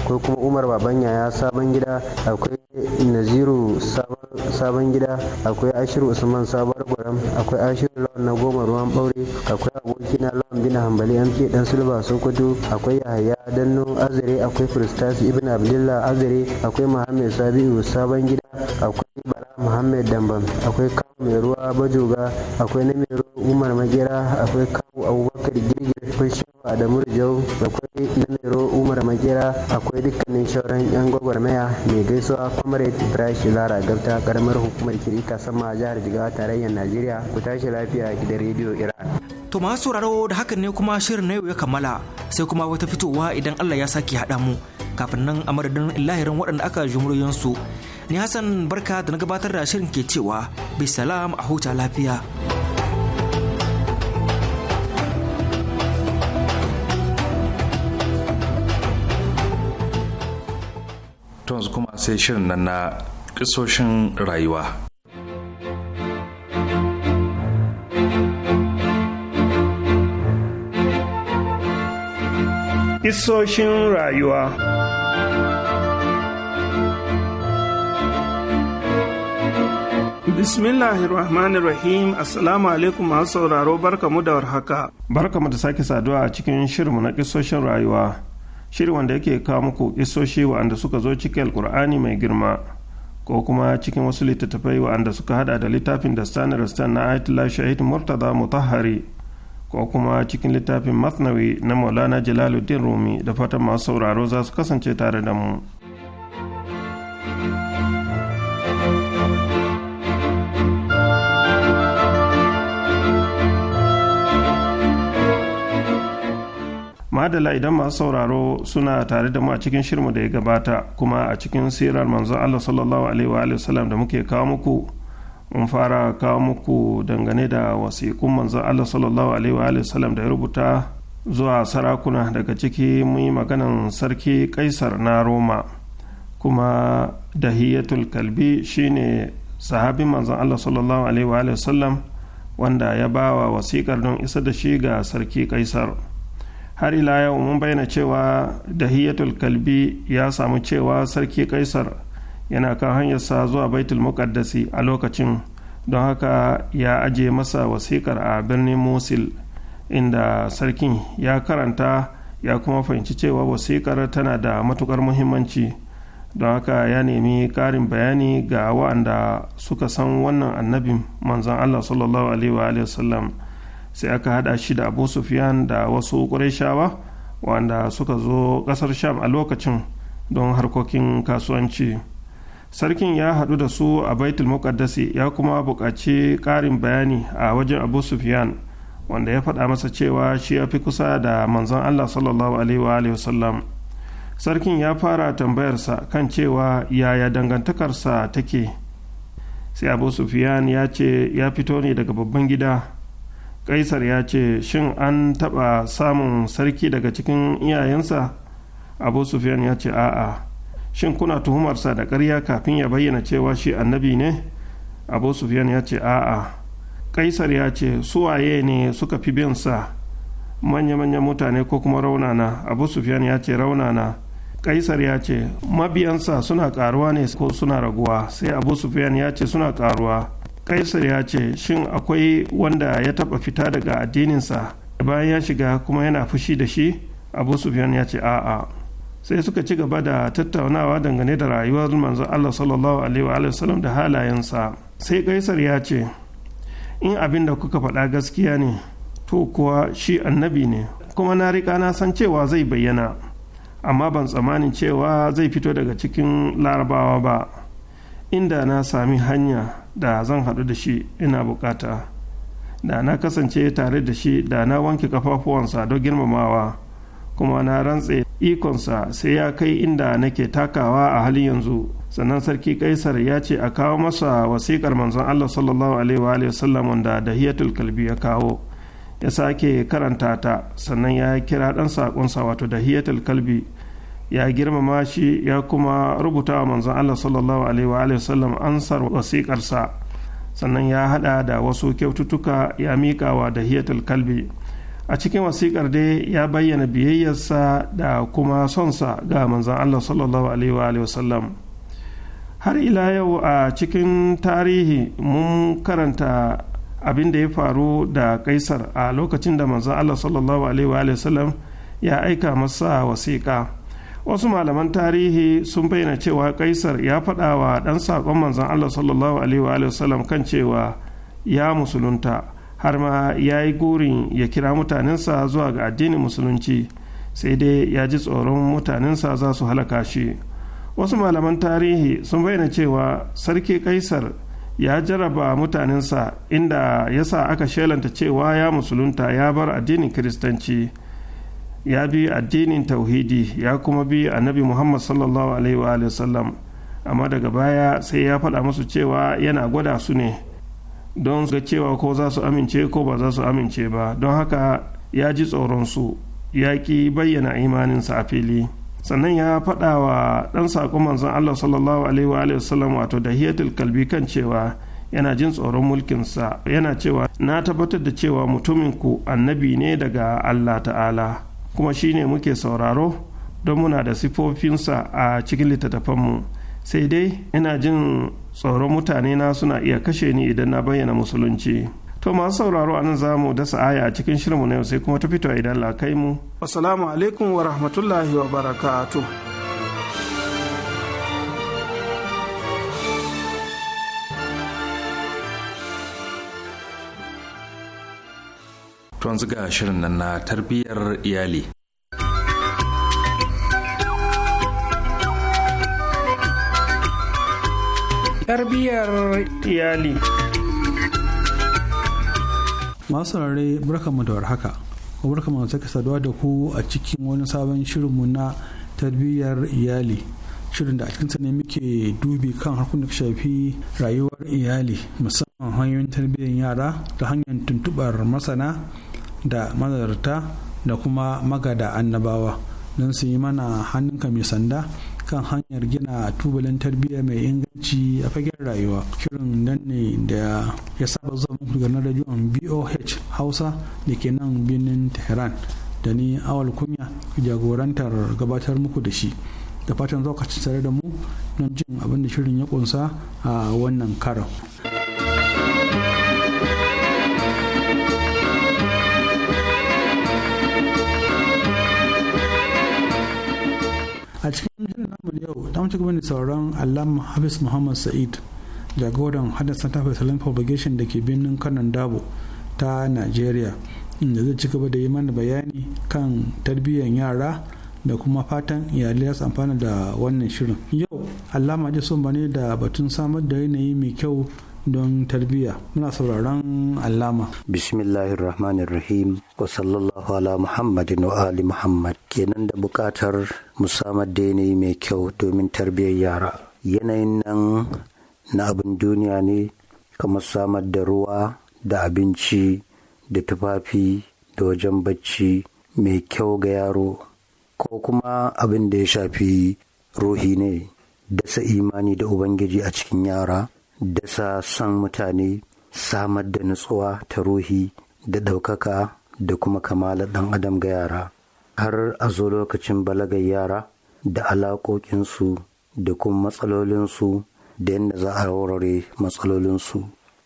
akwai kuma umar baban ya sabon gida akwai akwai naziru sabon gida akwai ashiru usman sabuwar gwaram akwai ashiru lawan na goma ruwan ɓaure akwai abokina lawan bin hambali mk dan silba sokoto akwai yahaya danno azare akwai kristas ibn abdullah azare akwai muhammed sabiu sabon gida akwai bala muhammed damban akwai kawo mai ruwa bajoga akwai na mai umar magera akwai kawo abubakar girgir akwai shawa da murjau akwai na mai umar magera akwai dukkanin shauran yan gwagwarmaya mai gaisuwa comrade ibrahim Zara gabta karamar hukumar kirita sama jihar jigawa tarayyar najeriya ku tashi lafiya gidan rediyo iran to masu sauraro da hakan ne kuma shirin na yau ya kammala sai kuma wata fitowa idan allah ya sake haɗa mu kafin nan a madadin lahirin waɗanda aka su ni hassan barka da na gabatar da shirin ke cewa bisalam a huta lafiya sai shirin nan na kisoshin rayuwa Isoshin rayuwa rahim, Assalamu alaikum masu sauraro barkamu da warhaka. Barkamu da sake saduwa a cikin shirinmu na kisoshin rayuwa. shiri wanda yake kawo muku isoshi wa'anda suka zo cikin alkur'ani mai girma ko kuma cikin wasu littattafai wa'anda suka hada da littafin da stan na ayatollah shahid murtaza mutahari ko kuma cikin littafin masnawi na maulana jalaluddin rumi da fatan masu sauraro za su kasance tare da mu. madala idan masu sauraro suna tare da mu a cikin shirmu da ya gabata kuma a cikin sirar manzon Allah sallallahu alaihi wa da muke kawo muku mun fara kawo muku dangane da wasiƙun manzon Allah sallallahu alaihi wa da ya rubuta zuwa sarakuna daga ciki mun yi maganan sarki kaisar na Roma kuma dahiyatul kalbi shine sahabi manzon Allah sallallahu alaihi wa wanda ya bawa wasiƙar don isa da shi ga sarki kaisar. har ila yau mun bayyana cewa da hiyatul kalbi ya samu cewa sarki kaisar yana kan hanyarsa zuwa baitul muqaddasi a lokacin don haka ya aje masa wasikar a birnin mosul inda sarkin ya karanta ya kuma fahimci cewa wasikar tana da matukar muhimmanci don haka ya nemi ƙarin bayani ga wa'anda suka san wannan annabin manzon allah sallallahu alaihi wa sallam sai aka hada shi da abu sufyan da wasu ƙurashawa wanda suka zo ƙasar sham a lokacin don harkokin kasuwanci sarkin ya haɗu da su a baitul muƙaddasi ya kuma buƙaci ƙarin bayani a wajen abu sufyan wanda ya faɗa masa cewa shi ya fi kusa da manzon allah sallallahu alaihi wasallam sarkin ya fara tambayarsa kan cewa yaya dangantakarsa take sai abu sufyan ya ce ya fito ne daga babban gida kaisar ya ce shin an taɓa samun sarki daga cikin iyayensa abu sufyan ya ce a'a shin kuna tuhumarsa da ƙarya kafin ya bayyana cewa shi annabi ne abu sufyan ya ce a'a kaisar ya ce suwaye ne suka fi bin sa manya-manyan mutane ko kuma raunana abu sufyan ya ce raunana kaisar ya ce mabiyansa suna ƙaruwa ne ko suna raguwa sai abu sufiyan ya ce suna ƙaruwa. kaisar ya ce shin akwai wanda ya taɓa fita daga addininsa bayan ya shiga kuma yana fushi da shi abu sufyan ya ce a'a sai suka ci gaba da tattaunawa dangane da rayuwar manzon allah sallallahu alaihi wa sallam da halayensa sai kaisar ya ce in abin da kuka faɗa gaskiya ne to kuwa shi annabi ne kuma na riƙa na san cewa zai bayyana amma ban tsammanin cewa zai fito daga cikin larabawa ba inda na sami hanya da zan haɗu da shi ina bukata da na kasance tare da shi da na wanke kafafuwansa don girmamawa kuma na rantse ikonsa sai ya kai inda nake takawa a halin yanzu sannan sarki kaisar ya ce a kawo masa wasiƙar manzon allah sallallahu alaihi wasallam wanda dahiyatul kalbi ya kawo ya sake karanta ta sannan ya kira ɗan saƙonsa wato dahiyatul kalbi ya girmama shi ya kuma rubuta wa manzan Allah sallallahu alaihi wa sallam ansar wasiƙarsa sannan ya hada da wasu kyaututtuka ya miƙawa da hiyatul kalbi a cikin wasiƙar dai ya bayyana biyayyarsa da kuma sonsa ga manzan Allah sallallahu alaihi wa sallam har ila yau a cikin tarihi mun karanta abin da ya faru da kaisar a lokacin da manzan Allah sallallahu alaihi wa sallam ya aika masa wasiƙa wasu malaman tarihi sun bayyana cewa kaisar ya faɗa wa ɗan saƙon manzon allah sallallahu alaihi wa sallam kan cewa ya musulunta har ma ya yi gurin ya kira mutanensa zuwa ga addinin musulunci sai dai ya ji tsoron mutanensa za su halaka shi wasu malaman tarihi sun bayyana cewa sarki kaisar ya jaraba mutanensa inda ya sa aka shelanta cewa ya musulunta ya bar addinin kiristanci ya bi addinin tauhidi ya kuma bi annabi muhammad sallallahu alaihi wa sallam amma daga baya sai ya faɗa musu cewa yana gwada su ne don ga cewa ko za su amince ko ba za su amince ba don haka ya ji tsoron su ya ƙi bayyana imaninsa a fili sannan ya faɗa wa ɗan saƙon manzon allah sallallahu alaihi wa sallam wato da kalbi kan cewa yana jin tsoron mulkinsa yana cewa na tabbatar da cewa mutumin ku annabi ne daga allah ta'ala kuma shi ne muke sauraro don muna da sifofinsa a cikin littattafanmu sai dai ina jin tsoron mutane na suna iya kashe ni idan na bayyana musulunci to masu sauraro a nan zamu dasa aya a cikin shirinmu na yau sai kuma ta fito idan la kai mu assalamu alaikum wa rahmatullahi wa barakatuh to an ga shirin nan na tarbiyyar iyali tarbiyyar iyali masu rare barkanmu da warhaka barkanmu da sake saduwa da ku a cikin wani sabon shirinmu na tarbiyyar iyali shirin da a cikinsa ne muke dubi kan harkun da shafi rayuwar iyali musamman hanyoyin tarbiyyar yara ta hanyar tuntubar masana da manzarta da kuma magada annabawa don su yi mana hannunka mai sanda kan hanyar gina tubalin tarbiyya mai inganci a fagen rayuwa shirin nan ne da ya saba zuwa muku daga rajiyon boh hausa da ke nan birnin tehran da ni awal kunya jagorantar gabatar muku da shi da fatan za tare da mu don jin abin da shirin ya kunsa a wannan karan. a cikin jirgin namu yau ta mutu gabanin sauran alama hafiz muhammad sa'id jagoran haddasa ta fasalin propagation da ke birnin kanon dabo ta nigeria inda zai ci gaba da yi mana bayani kan tarbiyyar yara da kuma fatan iyalai su amfana da wannan shirin yau alama ji sun bane da batun samar da yanayi mai kyau don tarbiyya muna sauraron allama bismillahir rahmanir rahim wa sallallahu ala muhammadin wa ali muhammad kenan da bukatar musamman yanayi mai kyau domin tarbiyyar yara yanayin nan na abin duniya ne kamar samar da ruwa da abinci da tufafi da wajen bacci mai kyau ga yaro ko kuma abin da ya shafi ruhi ne dasa imani da ubangiji a cikin yara da sa san mutane samar da nutsuwa ta ruhi da ɗaukaka da kuma kamala ɗan adam ga yara har a zo lokacin balagar yara da alaƙoƙinsu da kuma matsalolinsu da yadda za a warware matsalolinsu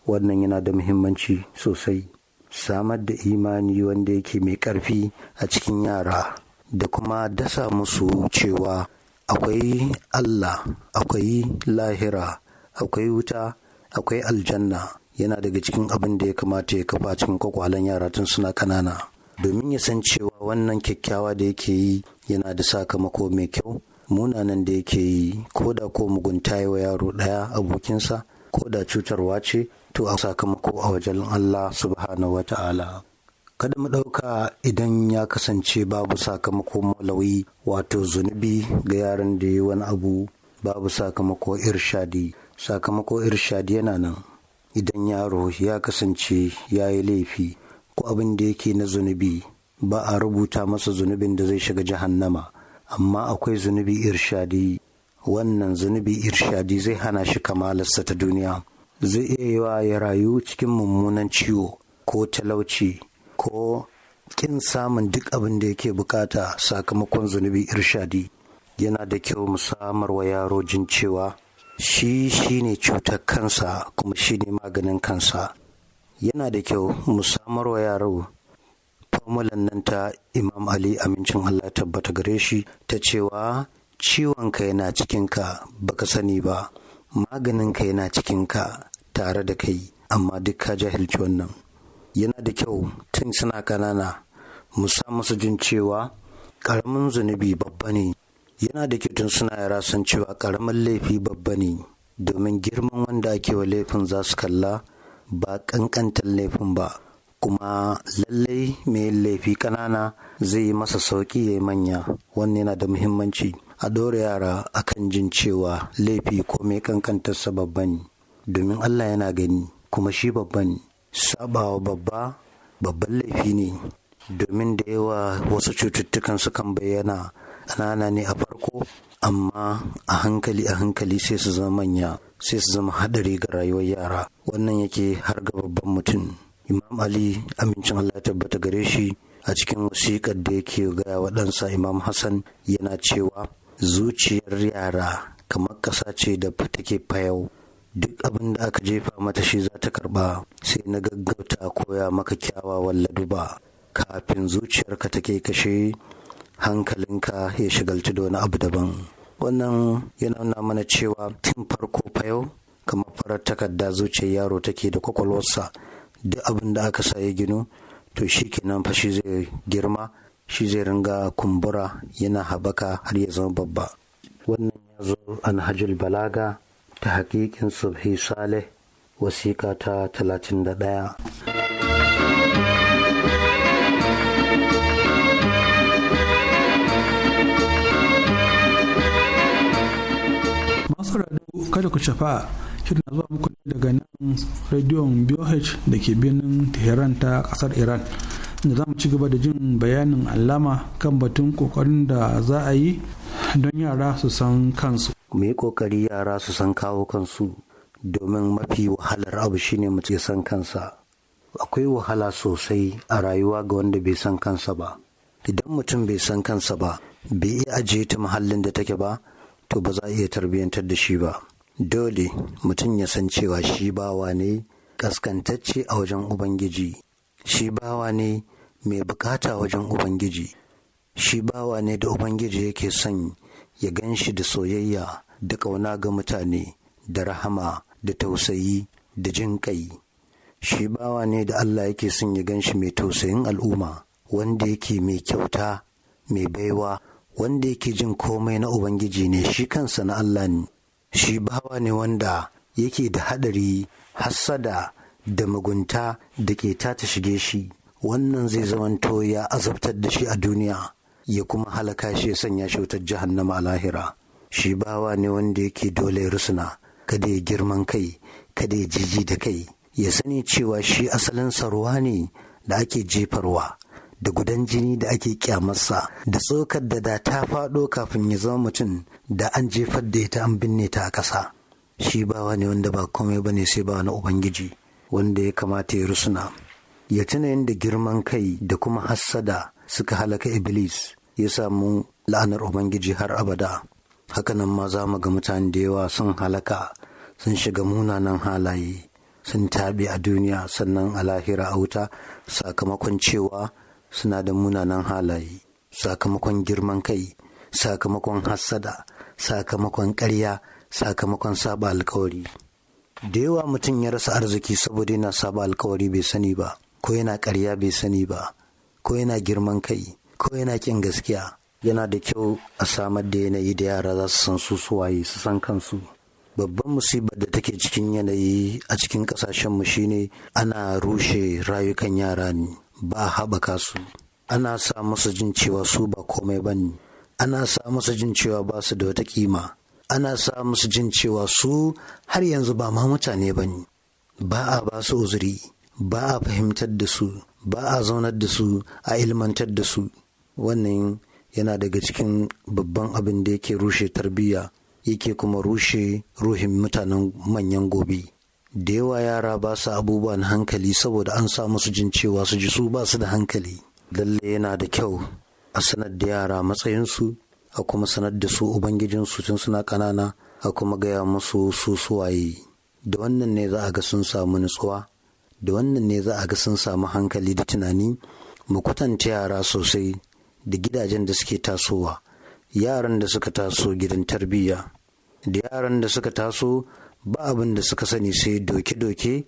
wannan yana da muhimmanci sosai samar da imani wanda yake mai ƙarfi a cikin yara da kuma dasa musu cewa akwai Allah akwai lahira akwai wuta akwai aljanna yana daga cikin abin da ya kamata ya kafa cikin kwakwalen yara tun suna ƙanana domin ya san cewa wannan kyakkyawa da yake yi yana da sakamako mai kyau munanan da yake yi ko da ko mugunta yi wa yaro ɗaya abokinsa ko da cutarwa ce to a sakamako a wajen Allah subhanahu wa ta'ala kada mu ɗauka idan ya kasance babu sakamako malawi wato zunubi ga yaran da yi wani abu babu sakamako irshadi sakamako irshad yana nan idan yaro ya kasance ya yi laifi ko abin da yake na zunubi ba a rubuta masa zunubin da zai shiga jahannama amma akwai zunubi irshadi wannan zunubi irshadi zai hana shi kamalarsa ta duniya zai iya yi wa ya rayu cikin mummunan ciwo ko talauci ko kin samun duk abin da yake bukata sakamakon zunubi irshadi yana da kyau mu samar wa yaro jin cewa shi shi ne cutar kansa kuma shi ne maganin kansa yana da kyau mu samar wa yaro formulan nan ta imam ali amincin allah tabbata gare shi ta cewa ciwonka yana cikinka baka sani ba maganin maganinka yana cikinka tare da kai amma duk ka jahilci wannan yana da kyau tun suna kanana mu sa musu jin cewa karamin zunubi babba ne yana da kyau suna yara sun cewa karamin laifi babba ne domin girman wanda ake wa laifin za su kalla ba kankantar laifin ba kuma lallai mai laifi ƙanana zai yi masa sauƙi ya yi manya wannan yana da muhimmanci a ɗora yara akan jin cewa laifi ko mai kankantarsa babba ne domin allah yana gani kuma shi babba ne sabawa babba babban laifi ne domin da yawa wasu cututtukan su kan bayyana ƙanana ne a farko amma a hankali a hankali sai su zama manya sai su zama haɗari ga rayuwar yara wannan yake har ga babban mutum imam ali amincin allah ya tabbata gare shi a cikin wasiƙar da yake gaya waɗansa imam hassan yana cewa zuciyar yara kamar ƙasa ce da take fayau duk abin da aka jefa mata shi za ta karɓa sai na gaggauta koya maka kyawawan laduba kafin zuciyarka take kashe hankalinka ya shigalci da wani abu daban wannan ya nuna mana cewa tun farko fa yau kamar farar takarda zuciyar yaro take da kwakwalwarsa duk abin da aka sa gino to shi kenan fa shi zai girma shi zai ringa kumbura yana habaka har ya zama babba wannan ya zo hajjul balaga ta hakikin subhi saleh wasiƙa ta 31 masu kada ku shafa shirin zuwa muku daga nan rediyon BOH da ke birnin Tehran ta kasar Iran. Da za mu ci gaba da jin bayanin alama kan batun kokarin da za a yi don yara su san kansu. Mu yi kokari yara su san kawo kansu domin mafi wahalar abu shine mu san kansa. Akwai wahala sosai a rayuwa ga wanda bai san kansa ba. Idan mutum bai san kansa ba, bai iya ajiye ta muhallin da take ba, to ba za a iya tarbiyyantar da shi ba dole mutum ya san cewa shi bawa ne kaskantacce a wajen ubangiji shi bawa ne mai bukata wajen ubangiji shi bawa ne da ubangiji yake son ya gan shi da soyayya da ƙauna ga mutane da rahama da tausayi da jin ƙai shi bawa ne da allah yake son ya gan shi mai tausayin al'umma wanda yake mai kyauta mai baiwa wanda yake jin komai na Ubangiji ne shi kansa na Allah ne, shi bawa ne wanda yake da haɗari hassada da mugunta da ke ta ta shige shi, wannan zai zamanto ya azabtar da shi a duniya, ya kuma halaka shi ya sanya shi wutar jahannama a lahira. Shi bawa ne wanda yake dole rusuna, kada ya girman kai, kada ya jiji da kai, ya sani cewa shi asalin sarwa ne da ake jefarwa. da gudan jini da ake kyamarsa da tsokar da da ta faɗo kafin ya zama mutum da an jefar da ita an binne ta a ƙasa shi bawa ne wanda ba komai ba ne sai ba na ubangiji wanda ya kamata ya rusuna ya tuna yadda girman kai da kuma hassada suka halaka iblis ya samu la'anar ubangiji har abada hakanan ma za mu ga mutane da yawa sun halaka sun shiga munanan halaye sun taɓe a duniya sannan a lahira a wuta sakamakon cewa suna da munanan halaye sakamakon girman kai sakamakon hassada sakamakon karya, sakamakon saba alkawari da yawa mutum ya rasa arziki saboda yana saba alkawari bai sani ba ko yana karya bai sani ba ko yana girman kai ko yana ƙin gaskiya yana da kyau a samar da yanayi da yara za su san su suwaye su san kansu babban musibar da take cikin yanayi a cikin ƙasashenmu shine ana rushe rayukan yara ne ba haɓaka su ana sa musu jin cewa su ba komai ba ne ana sa musu jin cewa ba su da wata kima ana sa musu jin cewa su har yanzu ba ma mutane ba ne ba a ba su uzuri ba a fahimtar da su ba a zaunar da su a ilmantar da su wannan yana daga cikin babban abin da yake rushe tarbiyya yake kuma rushe ruhin mutanen manyan gobe da yawa yara ba su abubuwan hankali saboda an sa musu jin cewa su ji su ba su da hankali lalle yana da kyau a sanar da yara matsayinsu a kuma sanar da su ubangijinsu tun suna ƙanana a kuma gaya musu su suwaye da wannan ne za a ga sun samu nutsuwa da wannan ne za a ga sun samu hankali da tunani mu kwatanta yara sosai da gidajen da suke tasowa yaran da suka taso gidan tarbiyya da yaran da suka taso ba abin da suka sani sai doke-doke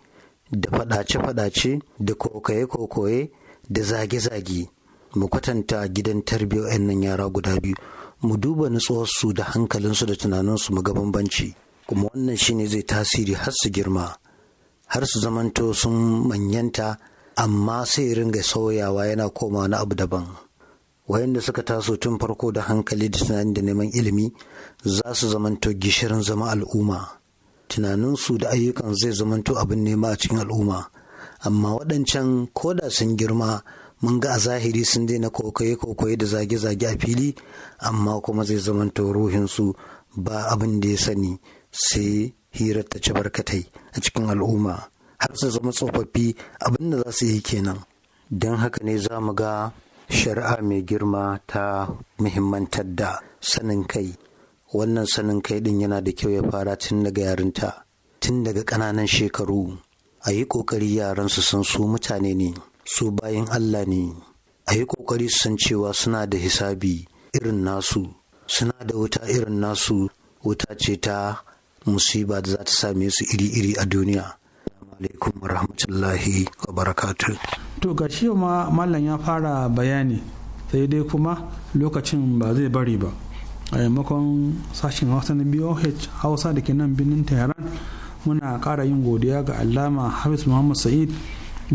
da faɗace-faɗace da kokaye-kokoye da zage-zage mu kwatanta gidan tarbiyyar 'yan nan yara guda biyu mu duba nutsuwarsu da hankalinsu da tunaninsu mu ga bambanci kuma wannan shine zai tasiri har su girma har su zamanto sun manyanta amma sai ringa sauyawa yana koma na abu daban wayanda suka taso tun farko da hankali da tunani da neman ilimi za su zamanto gishirin zama al'umma tunaninsu da ayyukan zai zamanto abin nema a cikin al'umma amma waɗancan ko da sun girma mun ga a zahiri sun daina kokaye-kokaye da zage-zage a fili amma kuma zai zamanto ruhinsu ba abin da ya sani sai hirar ta ci barkatai a cikin al'umma har su zama tsofaffi abin da za su yi kenan don haka ne za mu ga shari'a mai girma ta muhimmantar da sanin kai wannan sanin kai din yana da kyau ya fara tun daga yarinta tun daga ƙananan shekaru a yi ƙoƙari yaran su san su mutane ne su bayan allah ne a yi ƙoƙari su san cewa suna da hisabi irin nasu suna da wuta irin nasu wuta ce ta musiba da za ta same su iri-iri a duniya alaikum rahmatullahi wa barakatu. to ga ma mallan ya fara bayani sai dai kuma lokacin ba zai bari ba a yammakon sashen hausa na boh hausa da ke nan birnin tehran muna kara yin godiya ga alama hafiz muhammad sa'id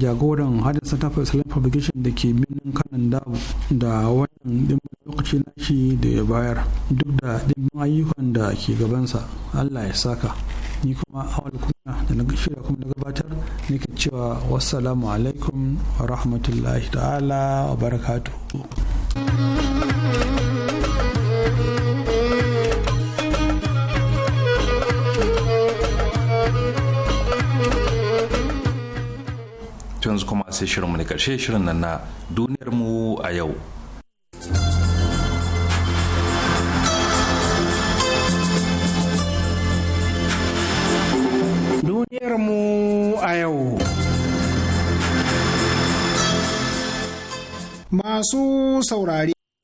jagoran hadin center for islamic publication da ke birnin kanan da wannan dimbin lokaci na da ya bayar duk da dimbin ayyukan da ke gabansa allah ya saka ni kuma awal kuna da na shirya kuma na gabatar nake cewa wassalamu alaikum wa rahmatullahi ta'ala wa barakatuhu to yanzu kuma sai shirinmu na karshe shirin nan na duniyarmu a yau duniyarmu a yau Masu saurari.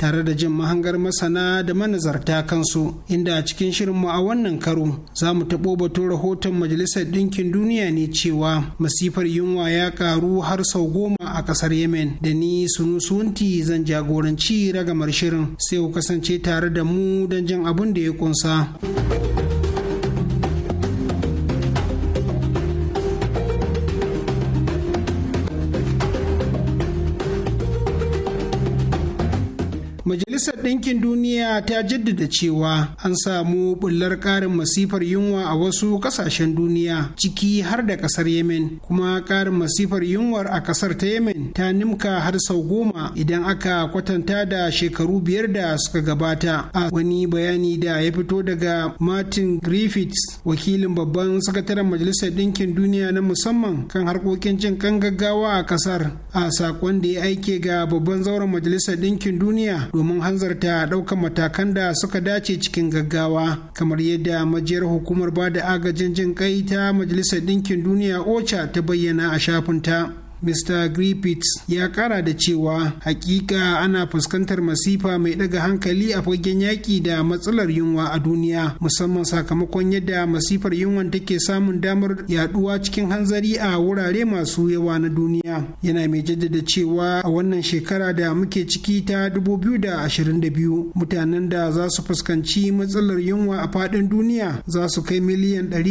tare da jin mahangar masana da manazarta kansu inda a cikin shirinmu a wannan karo za mu taɓo batun rahoton majalisar ɗinkin duniya ne cewa masifar yunwa ya ƙaru har sau goma a ƙasar yemen da ni sunusunti zan jagoranci ragamar shirin sai ku kasance tare da mu don jin abin da ya ƙunsa. Majalisar Ɗinkin Duniya ta jaddada cewa an samu bullar ƙarin masifar yunwa a wasu ƙasashen duniya ciki har da ƙasar Yemen kuma ƙarin masifar yunwar a ƙasar ta Yemen ta nimka har sau goma idan aka kwatanta da shekaru biyar da suka gabata a wani bayani da ya fito daga Martin Griffiths wakilin babban sakataren Majalisar Ɗinkin Duniya na musamman kan harkokin jin kan gaggawa a ƙasar a saƙon da ya aike ga babban zauren Majalisar Ɗinkin Duniya domin hanzarta ɗaukan matakan da suka dace cikin gaggawa kamar yadda majiyar hukumar ba da agajin jin kai ta majalisar ɗinkin duniya ocha ta bayyana a shafinta Mr. Griffiths ya kara da cewa hakika ana fuskantar masifa mai daga hankali a fagen yaƙi da matsalar yunwa a duniya musamman sakamakon yadda masifar yunwan take samun damar yaduwa cikin hanzari a wurare masu yawa na duniya. Yana mai jaddada cewa a wannan shekara da muke ciki ta 2022 mutanen da za su fuskanci matsalar yunwa a fadin duniya za su kai miliyan da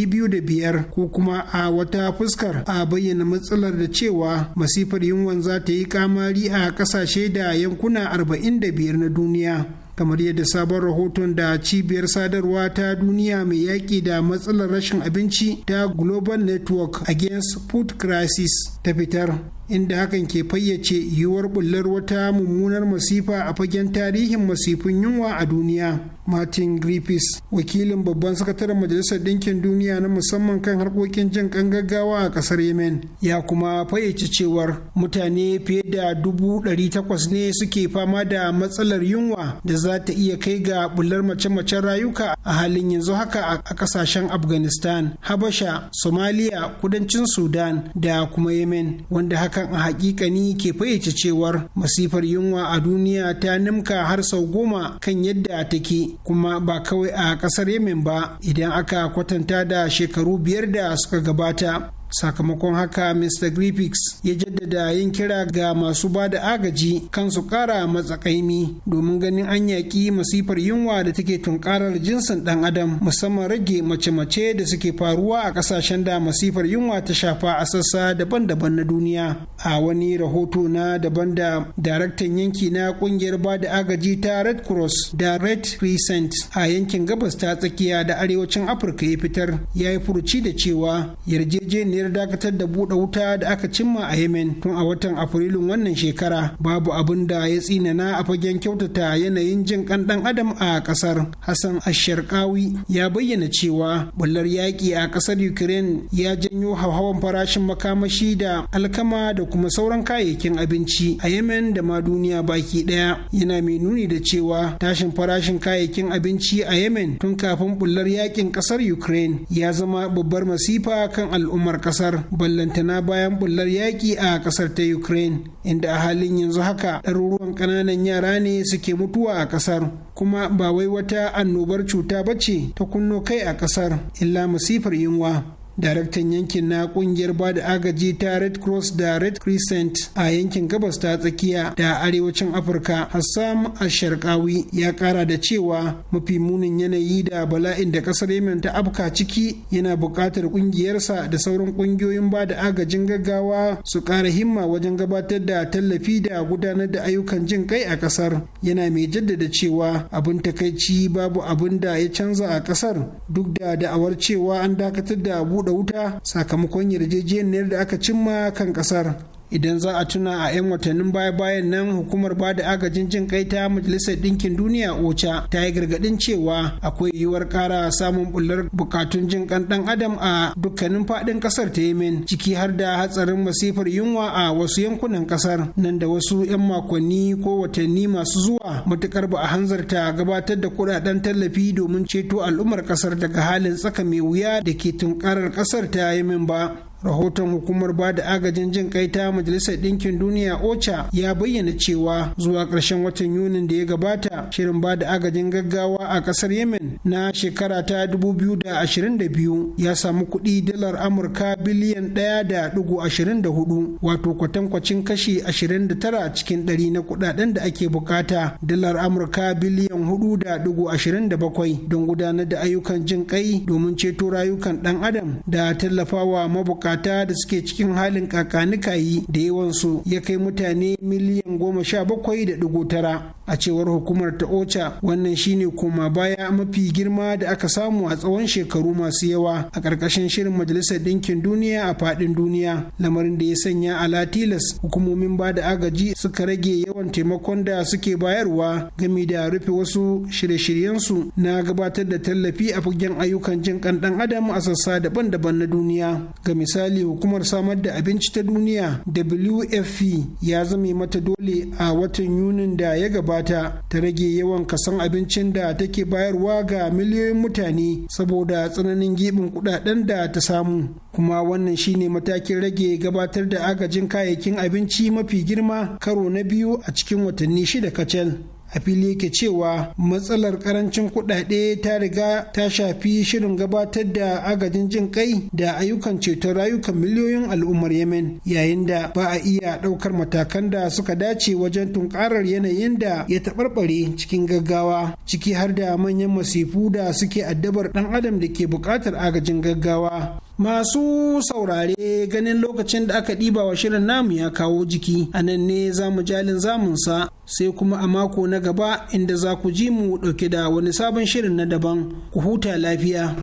biyar ko kuma a wata fuskar a bayyana matsalar da cewa masifar yunwan za ta yi kamari a kasashe da yankuna 45 na duniya kamar yadda sabon rahoton da cibiyar sadarwa ta duniya mai yaƙi da matsalar rashin abinci ta global network against food crisis ta fitar inda hakan ke fayyace yiwuwar bullar wata mummunar masifa a fagen tarihin masifin yunwa a duniya martin griffiths wakilin babban sakataren majalisar ɗinkin duniya na musamman kan harkokin jin kan gaggawa a ƙasar yemen ya kuma fayyace cewar mutane fiye da dubu ɗari takwas ne suke fama da matsalar yunwa da za ta iya kai ga bullar mace-macen rayuka a halin yanzu haka a kasashen afghanistan habasha somalia kudancin sudan da kuma yemen wanda haka kan a hakikani ke fayyace cewar masifar yunwa a duniya ta nimka har sau goma kan yadda take kuma ba kawai a kasar yemen ba idan aka kwatanta da shekaru biyar da suka gabata sakamakon haka mr griffiths ya jaddada yin kira ga masu ba da agaji kan su kara matsakaimi domin ganin an yaƙi masifar yunwa da take tunkarar jinsin ɗan adam musamman rage mace-mace da suke faruwa a ƙasashen da masifar yunwa ta shafa a sassa daban-daban na duniya a wani rahoto na daban da daraktan yanki na ƙungiyar ba da agaji ta red cross da red crescent a yankin gabas ta tsakiya da arewacin afirka ya fitar ya yi furuci da cewa yarjejeniyar yarjejeniyar dakatar da buɗe wuta da aka cimma a yemen tun a watan afrilun wannan shekara babu abin da ya tsinana a fagen kyautata yanayin jin kan dan adam a ƙasar hassan asharkawi ya bayyana cewa bullar yaƙi a ƙasar ukraine ya janyo hauhawan farashin makamashi da alkama da kuma sauran kayayyakin abinci a yemen da ma duniya baki ɗaya yana mai nuni da cewa tashin farashin kayayyakin abinci a yemen tun kafin bullar yaƙin ƙasar ukraine ya zama babbar masifa kan al'ummar kasar ballantana bayan bullar yaƙi a kasar ta ukraine inda a halin yanzu haka ɗaruruwan ƙananan yara ne suke mutuwa a kasar kuma ba wai wata annobar cuta bace ta kunno kai a kasar illa masifar yunwa daraktan yankin na kungiyar ba da agaji ta red cross da red crescent a yankin gabas ta tsakiya da arewacin afirka hassam asharkawi ya kara da cewa mafi munin yanayi da bala'in da kasar yemen ta afka ciki yana bukatar kungiyarsa da sauran kungiyoyin ba da agajin gaggawa su kara himma wajen gabatar da tallafi da gudanar da ayyukan jin kai a kasar yana mai jaddada cewa abin takaici babu abin da ya canza a kasar duk da da'awar cewa an dakatar da buɗe da wuta sakamakon yarjejeniyar da aka cimma kan ƙasar idan za a tuna a 'yan watannin baya-bayan nan hukumar ba da agajin jin kai ta majalisar ɗinkin duniya ocha ta yi gargaɗin cewa akwai yiwuwar ƙara samun bullar bukatun jin kan ɗan adam a dukkanin faɗin ƙasar ta yemen ciki har da hatsarin masifar yunwa a wasu yankunan ƙasar nan da wasu 'yan makonni ko watanni masu zuwa matukar ba a hanzarta gabatar da kuɗaɗen tallafi domin ceto al'ummar ƙasar daga halin tsaka mai wuya da ke tunkarar ƙasar ta yemen ba rahoton hukumar ba da agajin jin kai ta majalisar ɗinkin duniya ocha ya bayyana cewa zuwa ƙarshen watan yunin da ya gabata shirin ba da agajin gaggawa a ƙasar yemen na shekara ta 2022 ya samu kuɗi dalar amurka biliyan 1.24 wato kwatankwacin kashi 29 cikin 100 na kuɗaɗen da ake bukata dalar amurka biliyan 4.27 don gudanar da ayyukan jin kai domin ceto rayukan ɗan adam da tallafawa mabuƙata mabukata da suke cikin halin kakanikayi da yawansu ya kai mutane miliyan goma sha bakwai da dugu tara a cewar hukumar ta ocha wannan shine koma baya mafi girma da aka samu a tsawon shekaru masu yawa a ƙarƙashin shirin majalisar ɗinkin duniya a faɗin duniya lamarin da ya sanya ala tilas hukumomin ba da agaji suka rage yawan taimakon da suke bayarwa game da rufe wasu shirye-shiryensu na gabatar da tallafi a fagen ayyukan jin ƙan ɗan adam a sassa daban-daban na duniya ga misali misali hukumar samar da abinci ta duniya wfp ya zame mata dole a watan yunin da ya gabata ta rage yawan kasan abincin da take bayarwa ga miliyoyin mutane saboda tsananin gibin kudaden da ta samu kuma wannan shine matakin rage gabatar da agajin kayayyakin abinci mafi girma karo na biyu a cikin watanni shida kacal a fili yake cewa matsalar karancin kuɗaɗe ta riga ta shafi shirin gabatar da agajin jin kai da ayyukan ceton rayukan miliyoyin al'ummar yemen yayin da ba a iya ɗaukar matakan da suka dace wajen tunkarar yanayin da ya taɓarɓare cikin gaggawa ciki har da manyan masifu da suke addabar ɗan adam da ke buƙatar agajin gaggawa Masu saurare ganin lokacin da aka ɗiba wa shirin namu ya kawo jiki, a nan ne za mu jalin zamunsa sai kuma a mako na gaba inda za ku ji mu ɗauke da wani sabon shirin na daban, ku huta lafiya.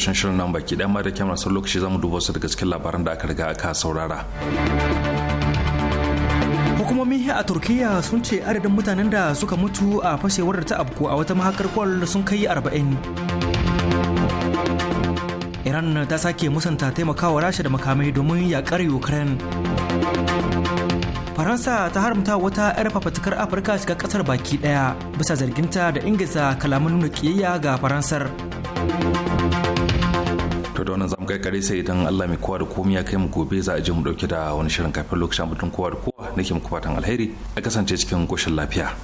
kashin shirin nan baki ɗaya ma da kyamar sun lokaci zamu duba su daga cikin labaran da aka riga aka saurara. hukumomi a turkiyya sun ce adadin mutanen da suka mutu a fashewar da ta afku a wata mahakar kwal sun kai arba'in. iran ta sake musanta taimakawa rasha da makamai domin ya yakar ukraine faransa ta haramta wata 'yar fafatukar afirka shiga kasar baki daya bisa zarginta da ingiza kalaman nuna kiyayya ga faransar to da wannan zamu kai kare sai idan Allah mai kowa da komai ya kai mu gobe za a je mu dauke da wani shirin kafin lokacin mutum kowa da kowa nake muku fatan alheri a kasance cikin koshin lafiya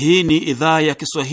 Hii ni idhaa ya Kiswahili